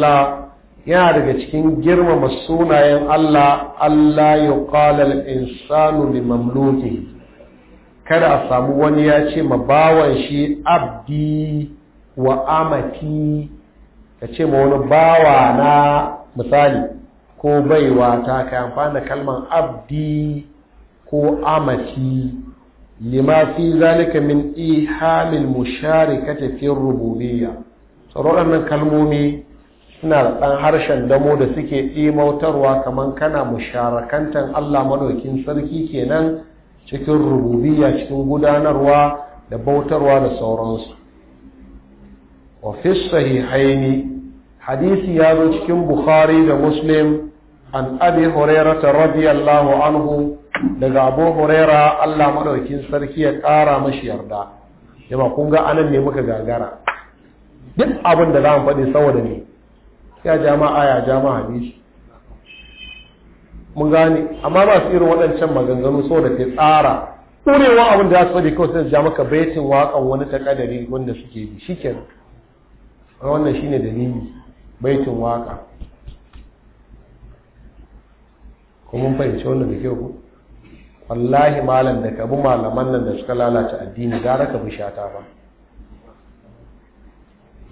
yana daga cikin girmama sunayen Allah Allah ya qala al-insanu li mamluki kada a samu wani ya ce ma bawan shi abdi wa amati ka ce ma wani bawa na misali ko baiwa ta ka amfani da kalman abdi ko amati lima fi zalika min ihamil musharikati fi rububiyya tsaro waɗannan kalmomi suna da ɗan harshen damo da suke ɗimautarwa kamar kana musharakantan Allah maɗaukin sarki kenan cikin rububiyya cikin gudanarwa da bautarwa da sauransu wa fi sahihaini hadisi ya zo cikin bukhari da muslim an abi hurairah radiyallahu anhu daga abu huraira allah maɗaukin sarki ya ƙara mashi yarda yamma kun ga anan ne muka gagara duk abin za mu faɗi saboda ne ya jama'a ya jama'a hadisi mun gane amma ba su irin waɗancan maganganu saboda ke tsara ɗorewa abin da ya so faɗi kawai sai su ja maka baitin waƙan wani takadari wanda suke bi wannan shine dalili baitin waka kuma fahimci wannan da ke ku wallahi malam da kabi malaman nan da suka lalata addini gara ka bi shata ba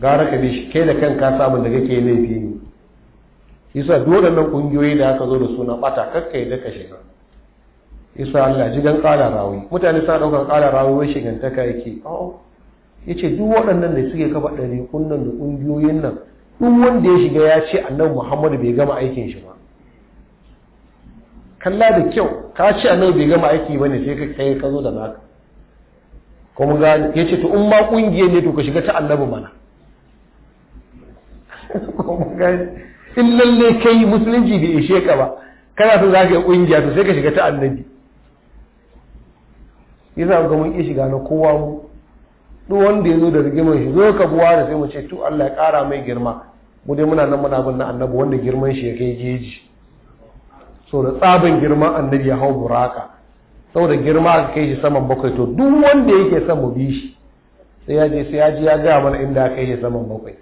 gara ka bi kai da kan ka samun da kake laifi ne isa dole nan kungiyoyi da aka zo da suna bata kakkai da ka shiga isa Allah ji dan kala rawi mutane sa daukar kala rawi wai shigantaka yake oh ya ce duk waɗannan da suke kafa ɗari kunnan da ƙungiyoyin nan duk wanda ya shiga ya ce annabi Muhammadu bai gama aikin shi ba kalla da kyau ka ce annabi bai gama aiki ba ne sai ka kai ka zo da naka kuma gani ya ce to in ma ƙungiyar ne to ka shiga ta annabi mana kuma in lalle kai musulunci bai ishe ka ba kana so za ka yi ƙungiya to sai ka shiga ta annabi yasa ga mun iya shiga na kowa mu duk wanda ya zo da rigimar shi zo ka buwa da sai mu ce tu Allah ya kara mai girma mu dai muna nan muna bin na annabi wanda girman shi ya kai geji so da tsaban girman annabi ya hau buraka saboda girma aka kai shi saman bakwai to duk wanda yake son mu bi shi sai ya je sai ya ji ya gaya mana inda aka kai shi saman bakwai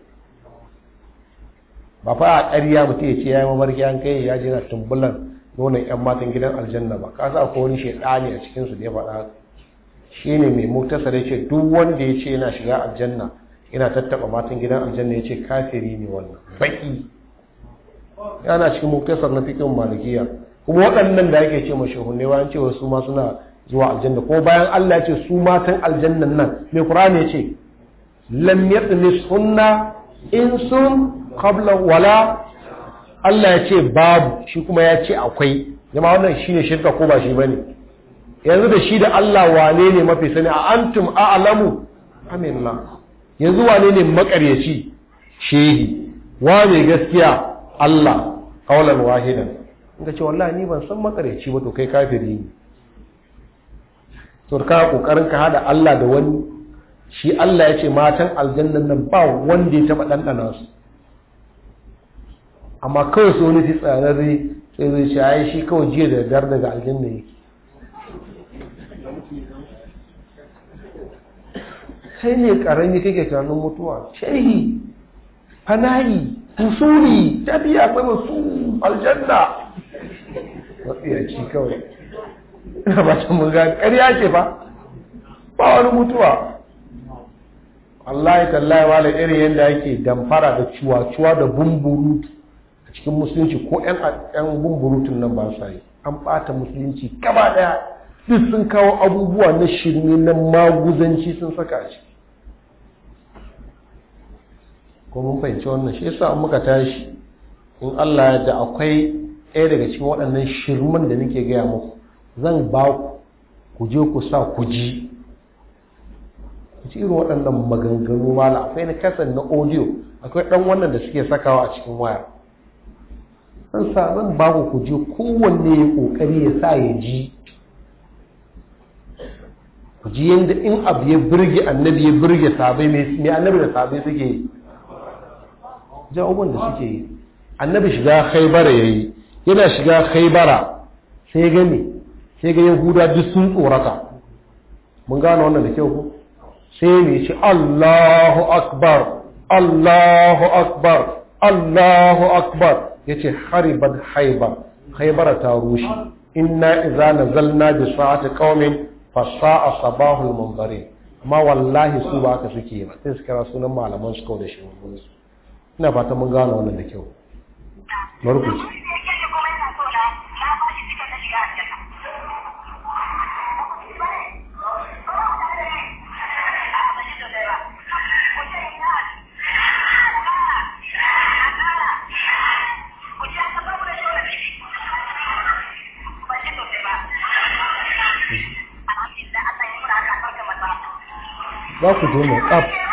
ba fa a ƙarya mutum ya ce ya yi mamarki an kai ya je na tumbulan nonon 'yan matan gidan aljanna ba ka sa ko wani shaidani a cikinsu da ya faɗa haka shine mai mutasar yace duk wanda yace yana shiga aljanna yana tattaba matan gidan aljanna yace kafiri ne wannan baki yana cikin mutasar na fikin malikiya kuma waɗannan da yake ce mashahunne bayan cewa su ma suna zuwa aljanna ko bayan Allah ya ce su matan aljannan nan mai Qur'ani ya ce lam nisunna hunna insun qabla wala Allah ya ce babu shi kuma ya ce akwai jama'a wannan shine shirka ko ba shi bane yanzu da shi da Allah wane ne mafi sani a antum a'lamu amillah yanzu wane ne makaryaci shehi wane gaskiya Allah qaulan wahidan inda ce wallahi ni ban san makaryaci ba to kai kafiri ne to ka kokarin ka hada Allah da wani shi Allah ya ce matan aljannan nan ba wanda ya taba dandana su amma kawai su wani fi sai zai shi kawai jiya da dar daga aljanna yake kai ne karami kake tunanin mutuwa shehi fana'i usuli tabiya akwai wasu aljanna matsiyarci kawai ina ba ta mun gani ƙarya ce ba ba wani mutuwa Allah ya tallaye wala irin yadda yake damfara da ciwa-ciwa da bumburutu a cikin musulunci ko 'yan bumburutun nan ba sa yi an ɓata musulunci gaba ɗaya duk sun kawo abubuwa na shirme na maguzanci sun saka a ciki ko mun fahimci wannan shi yasa in muka tashi in Allah ya da akwai ɗaya daga cikin waɗannan shirman da nake gaya muku zan ba ku ku je ku sa ku ji ci irin waɗannan maganganu la akwai na kasan na audio akwai ɗan wannan da suke sakawa a cikin waya zan sa zan ba ku ku je kowanne ya ƙoƙari ya sa ya ji ku ji yadda in abu ya birge annabi ya birge sabai mai annabi da sabai suke jawabin da suke yi annabi shiga khaibara yayi yana shiga khaibara sai ga sai ga yahuda duk sun tsorata mun gane wannan da kyau ko sai mai shi allahu akbar allahu akbar allahu akbar yace ce hariban haibar ta rushe inna izana nazalna bi sa'ati qaumin fa sa'a sabahul munzari amma wallahi su ba haka suke ba sai su kira sunan malaman su kawai da shi ina fata mun gane wannan da kyau barkuci ba ku zo mai tsaf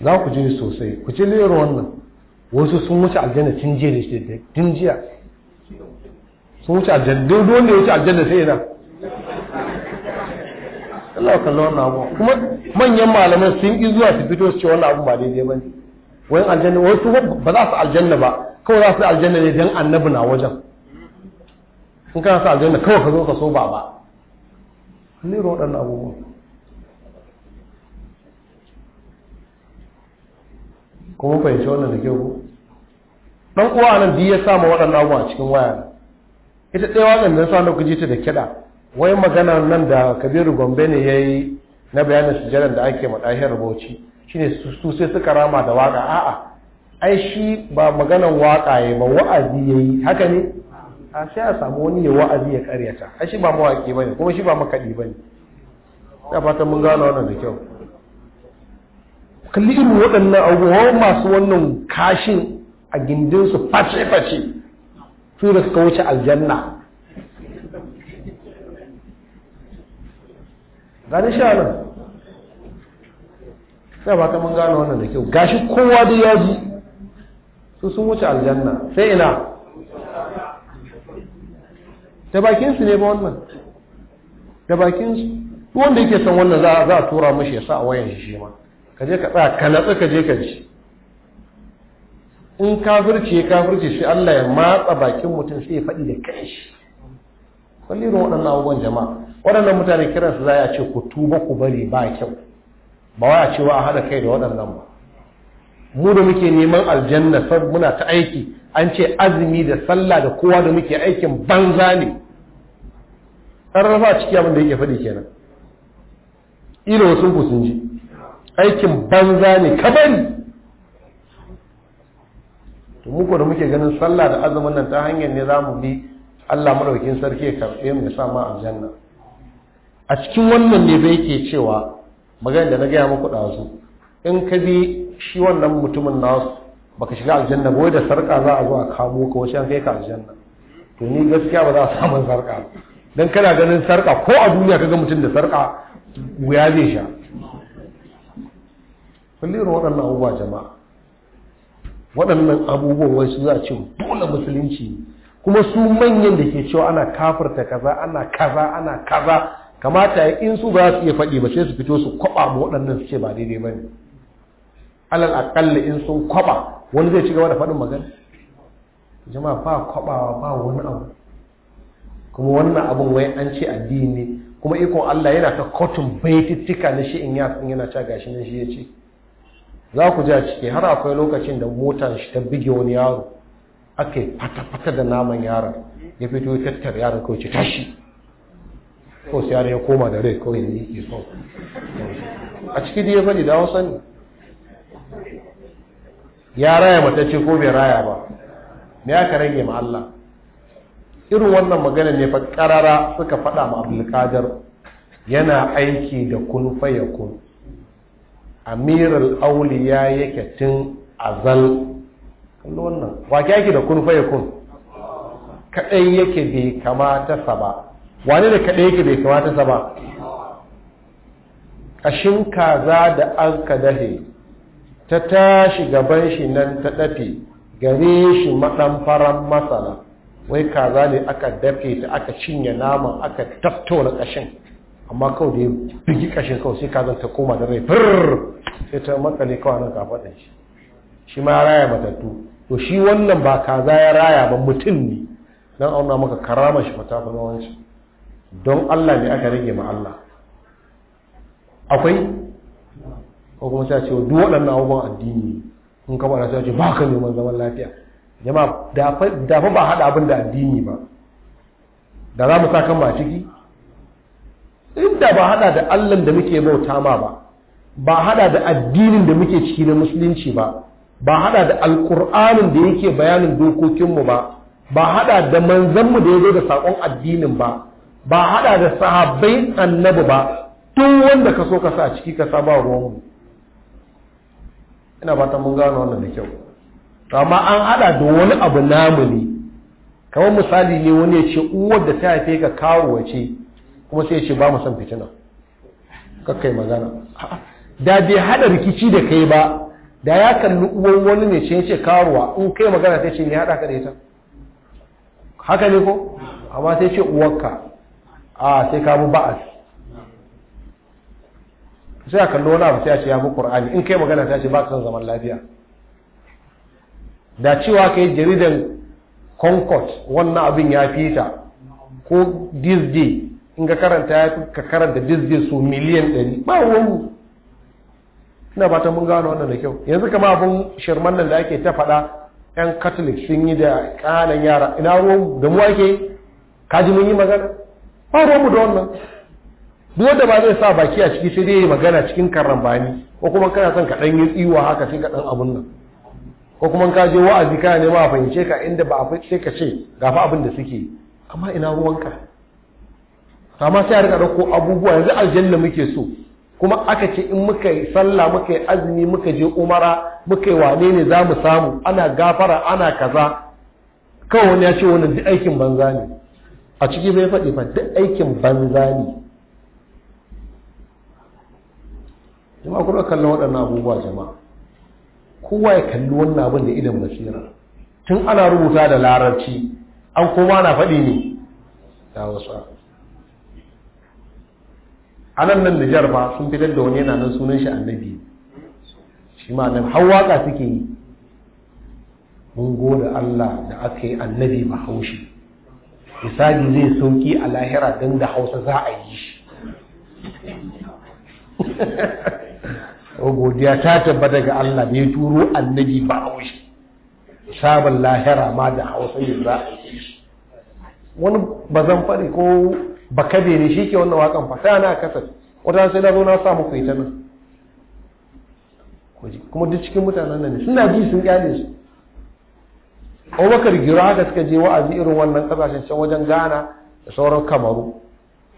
za ku ji sosai ku ci lero wannan wasu sun wuce aljanna tun jiya da shi tun jiya sun wuce aljanna duk wanda ya wuce aljanna sai yana Allah ka lawan na abu kuma manyan malaman sun yi zuwa su fito su ce wannan abu ba daidai bane wani aljanna wasu ba za su aljanna ba kawai za su aljanna ne dan annabi na wajen in kana su aljanna kawai ka zo ka so ba ba lero waɗannan abubuwan kuma fahimci wannan da kyau ku dan uwa nan biyu ya samu waɗannan abubuwa cikin waya ita ɗaya waƙan da sa ji ta da kiɗa wai magana nan da kabiru gombe ne ya yi na bayanin sujjaran da ake maɗahiyar bauchi shine su sai suka rama da waƙa a'a ai shi ba maganan waƙa ya ba wa'azi ya yi haka ne a sai a samu wani ya wa'azi ya karyata ai shi ba mawaƙi ba ne kuma shi ba makaɗi ba ne fatan mun gano wannan da kyau kalli irin waɗannan abubuwa masu wannan kashin a gindinsu face-face su da suka wuce aljanna gani sha nan sai ba ta mun gano wannan da kyau gashi kowa da ji su sun wuce aljanna sai ina da bakinsu ne ba wannan da bakinsu wanda yake son wannan za a tura mashi ya sa a wayan shi shi ma ka je ka tsaya ka natsu ka je ka ji in kafirci ya kafirci shi Allah ya matsa bakin mutum sai ya faɗi da shi. kwalli irin waɗannan abubuwan jama'a waɗannan mutane su za a ce ku tuba ku bari ba kyau ba wai a cewa a haɗa kai da waɗannan ba mu da muke neman aljanna sab muna ta aiki an ce azumi da sallah da kowa da muke aikin banza ne sarrafa ciki abin da yake faɗi kenan ilo sun ku sun ji aikin banza ne kabari to muku da muke ganin sallah da azumin nan ta hanyar ne zamu bi Allah madaukakin sarki ya karbe mu ya sa aljanna a cikin wannan ne bai ke cewa magana da na gaya muku ɗazu in ka bi shi wannan mutumin nasu baka shiga aljanna ba wai da sarka za a zo a kamo ka wace an kai ka aljanna to ni gaskiya ba za a samu sarka dan kana ganin sarka ko a duniya ga mutum da sarka wuya zai sha kullum waɗannan abubuwa jama'a waɗannan abubuwan wasu za a ce dole musulunci kuma su manyan da ke cewa ana kafarta kaza ana kaza ana kaza kamata ya in su za su iya faɗi ba sai su fito su kwaba ma waɗannan su ce ba daidai ba ne alal aƙalla in sun kwaba wani zai ci gaba da faɗin magana jama'a ba kwabawa ba wani abu kuma wannan abun wai an ce addini ne kuma ikon Allah yana ta kotun baitittika na shi in yana ta gashi nan shi ya ce za ku ji a ciki har akwai lokacin da motar shi ta bige wani yaro aka yi fata-fata da naman yaron ya fito ya tattara yaron kawai ce tashi ko sai yaron ya koma da rai kawai ne ke so a ciki da ya faɗi da wasan ya raya matacce ko bai raya ba me aka rage ma Allah irin wannan magana ne fa karara suka faɗa ma abdulkadir yana aiki da kun faya amirul auliya yake tun azal kallo wannan wake yake da kun faye kun kaɗai yake bai kamata sa ba wani da kaɗai yake bai kamata sa ba Ƙashin kaza da an ka dahe ta tashi gaban shi nan ta ɗafe gare shi maɗan faran masana wai kaza ne aka dafe ta aka cinye naman aka tattauna ƙashin? amma kawai da ya bigi kashin kawai sai kazan ta koma da rai fir sai ta makale kawai nan ka kafaɗin shi shi ma ya raya matattu to shi wannan ba kaza ya raya ba mutum ne don auna maka karama shi fata fa wancan don Allah ne aka rage ma Allah akwai ko kuma sai ce duk waɗannan abubuwan addini in ka bada sai ce ba ka neman zaman lafiya jama'a da fa ba haɗa abin da addini ba da za mu sa kan ma ciki inda ba hada da Allah da muke bauta ma ba ba hada da addinin da muke ciki na musulunci ba ba hada da alkur'anin da yake bayanin dokokinmu ba ba hada da manzanmu da ya zo da sakon addinin ba ba hada da sahabbai annabi ba tun wanda ka so ka sa ciki ka saba mu ina fata mun gano wannan da kyau amma an hada da wani abu namu ne kamar misali ne wani ya ce uwar da ta haife ka kawo wace. kuma sai ya ce ba mu son fitina kakkai magana da bai hada rikici da kai ba da ya kalli uwan wani ne ce ya ce karuwa in kai magana sai ce ni hada ka da ita haka ne ko amma sai ce uwanka a sai ka ba'as sai a kalli wani abu sai a ce ya fi qur'ani in kai magana sai a ce ba ka son zaman lafiya da cewa kai jaridan concord wannan abin ya fita ko this day in ka karanta ya fi ka karanta dizgin su miliyan ɗari ba wani ina fatan mun gano wannan da kyau yanzu kama abin shirman nan da ake ta faɗa yan catholic sun yi da ƙanan yara ina ruwan da mu ake kaji mun yi magana ba ruwanmu da wannan duk wanda ba zai sa baki a ciki sai dai yi magana cikin karambani ko kuma kana son ka ɗan yi tsiwa haka sai ka ɗan abun nan ko kuma ka je wa'azi kana nema a fahimce ka inda ba a fahimce ka ce gafa abin da suke amma ina ruwanka amma sai a rika dauko abubuwa yanzu aljanna muke so kuma aka ce in muka yi sallah muka yi azumi muka je umara muka yi wane ne za mu samu ana gafara ana kaza kawai wani ya ce wani duk aikin banza ne a ciki bai faɗi fa duk aikin banza ne jama'a kuma kallon waɗannan abubuwa jama'a kowa ya kalli wannan abin da idan basira tun ana rubuta da larabci an koma na faɗi ne ya wasu a nan nan Nijar ba sun fitar da wani yana nan sunan shi annabi shi ma nan har waka suke yi mun gode Allah da aka yi annabi ba haushi misali zai sauki a lahira don da hausa za a yi shi oh, godiya ta tabbata ga Allah mai turo annabi ba sabon lahira ma da hausa yi za a yi shi wani bazan fari ko ba ne shi ke wannan wakan fa sai ana kasar wata sai na zo na sa muku ita nan kuma duk cikin mutanen nan ne suna ji sun kyale su abubakar giro haka suka je wa'azi irin wannan kasashen can wajen ghana da sauran kamaru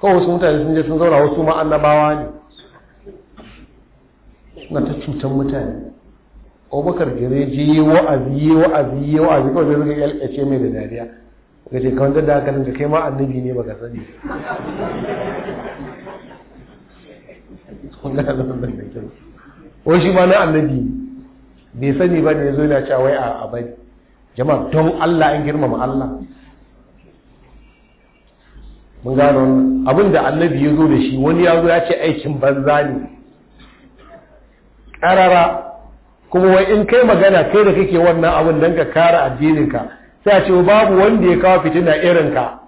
kawai wasu mutane sun je sun zauna wasu ma annabawa ne suna ta cutar mutane abubakar ya je wa'azi wa'azi wa'azi kawai zai zai yalƙace mai da dariya ga ce kawai da aka nan kai ma annabi ne ba ka sani wani shi ma na annabi bai sani ba ne zo yana ci wai a abai jama'a don Allah an girmama Allah mun gano abin da annabi ya zo da shi wani ya zo ya ce aikin banza ne ƙarara kuma wai in kai magana kai da kake wannan abin don ka kara addininka sai ce babu wanda ya kawo fitina irin ka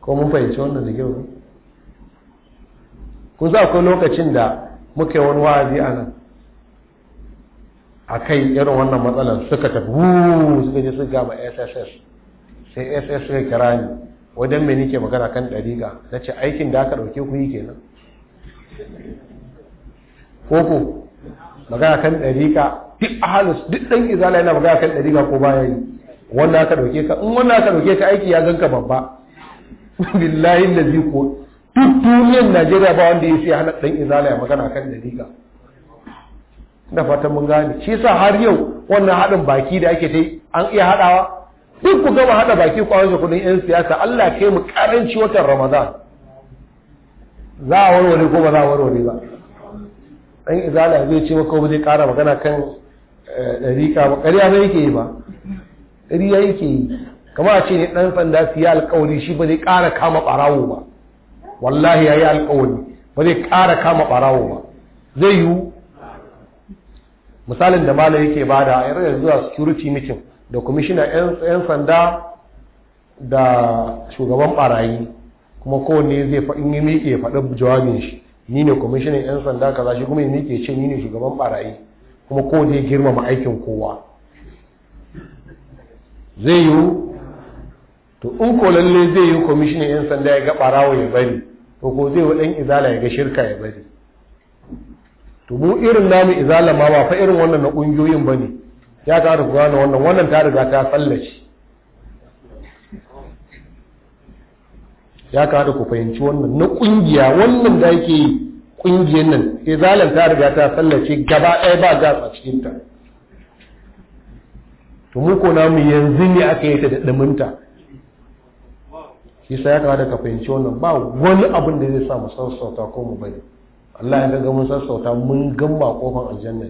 ko mun fahimci wannan da kyau ku za akwai lokacin da muke wani wa'azi a nan a kai irin wannan matsalar suka tafi wuuu suka je suka gama sss sai sss suka kira ni wajen mai nike magana kan ɗariga na ce aikin da aka ɗauke ku yi kenan ko ko magana kan ɗariƙa duk ahalus duk ɗan izala yana magana kan ɗariƙa ko baya yi wanda aka ɗauke ka in wanda aka ɗauke ka aiki ya gan ka babba billahi da ko duk duniyar najeriya ba wanda ya sai hana ɗan izala ya magana kan ɗariƙa da fatan mun gane shi yasa har yau wannan haɗin baki da ake ta an iya haɗawa duk ku gama haɗa baki ku an kuɗin 'yan siyasa allah kai mu karanci watan ramadan za a warware ko ba za a warware ba ɗan izala zai ce maka ba zai kara magana kan eh, ɗariƙa ba ƙarya zai yake yi ba ƙarya yake yi kama a ce ne ɗan sanda su yi alƙawari shi ba zai ƙara kama ɓarawo ba wallahi ya yi alƙawari ba zai ƙara kama ɓarawo ba zai yiwu misalin da malam yake ba da yanzu zuwa security meeting da kwamishina 'yan sanda da shugaban ɓarayi kuma kowanne zai faɗin yi miƙe faɗin jawabin shi ni ne kwamishinan 'yan sanda kaza shi kuma ya miƙe ce ni ne shugaban barayi kuma ko zai girmama aikin kowa zai yiwu to in ko lalle zai yi kwamishinan 'yan sanda ya ga barawa ya bari to ko zai wa ɗan izala ya ga shirka ya bari to mu irin namu izala ma ba fa irin wannan na ƙungiyoyin ba ne ya ta gane wannan wannan ta riga ta tsallace ya kamata ku fahimci wannan na kungiya wannan da ake kungiyar nan izalan ta riga ta sallace gaba ɗaya ba gas a cikinta ta to mu ko namu yanzu ne aka yi ta da ɗuminta shi sai ya kamata ka fahimci wannan ba wani abin da zai sa mu sassauta ko mu bari Allah ya ga mun sassauta mun gamba kofar aljanna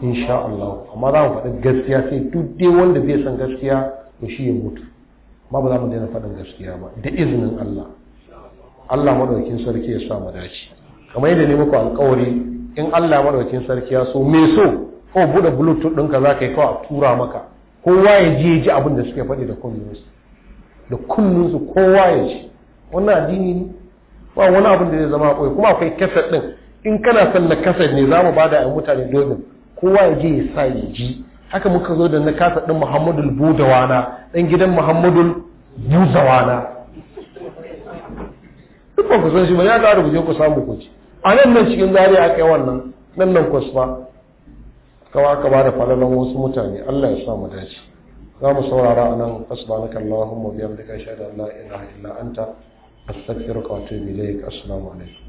insha Allah amma za mu faɗi gaskiya sai duk dai wanda zai san gaskiya to shi ya mutu ba ba za mu daina faɗin gaskiya ba da izinin Allah Allah maɗaukin sarki ya sa mu dace kamar yadda ne muku alƙawari in Allah maɗaukin sarki ya so me so ko bude bluetooth ɗinka za ka yi kawai a tura maka kowa ya ji ya ji abin da suke faɗi da kullunsu da kowa ya ji wannan addini ne ba wani abin da zai zama koyi kuma akwai kaset ɗin in kana son na kaset ne za mu bada a mutane domin kowa ya je ya sa ya ji haka muka zo da na kasa ɗin muhammadu budawana ɗan gidan Muhammadu Budawana duk ba ku san shi ba ya ƙara ku ku samu ku ci a nan nan cikin zari a kai wannan nan nan ba kawa aka ba da falalan wasu mutane allah ya sa mu dace za mu saurara a nan asbanaka allahumma biyamdika shahada la ilaha illa anta astaghfiruka wa atubu ilayk assalamu alaikum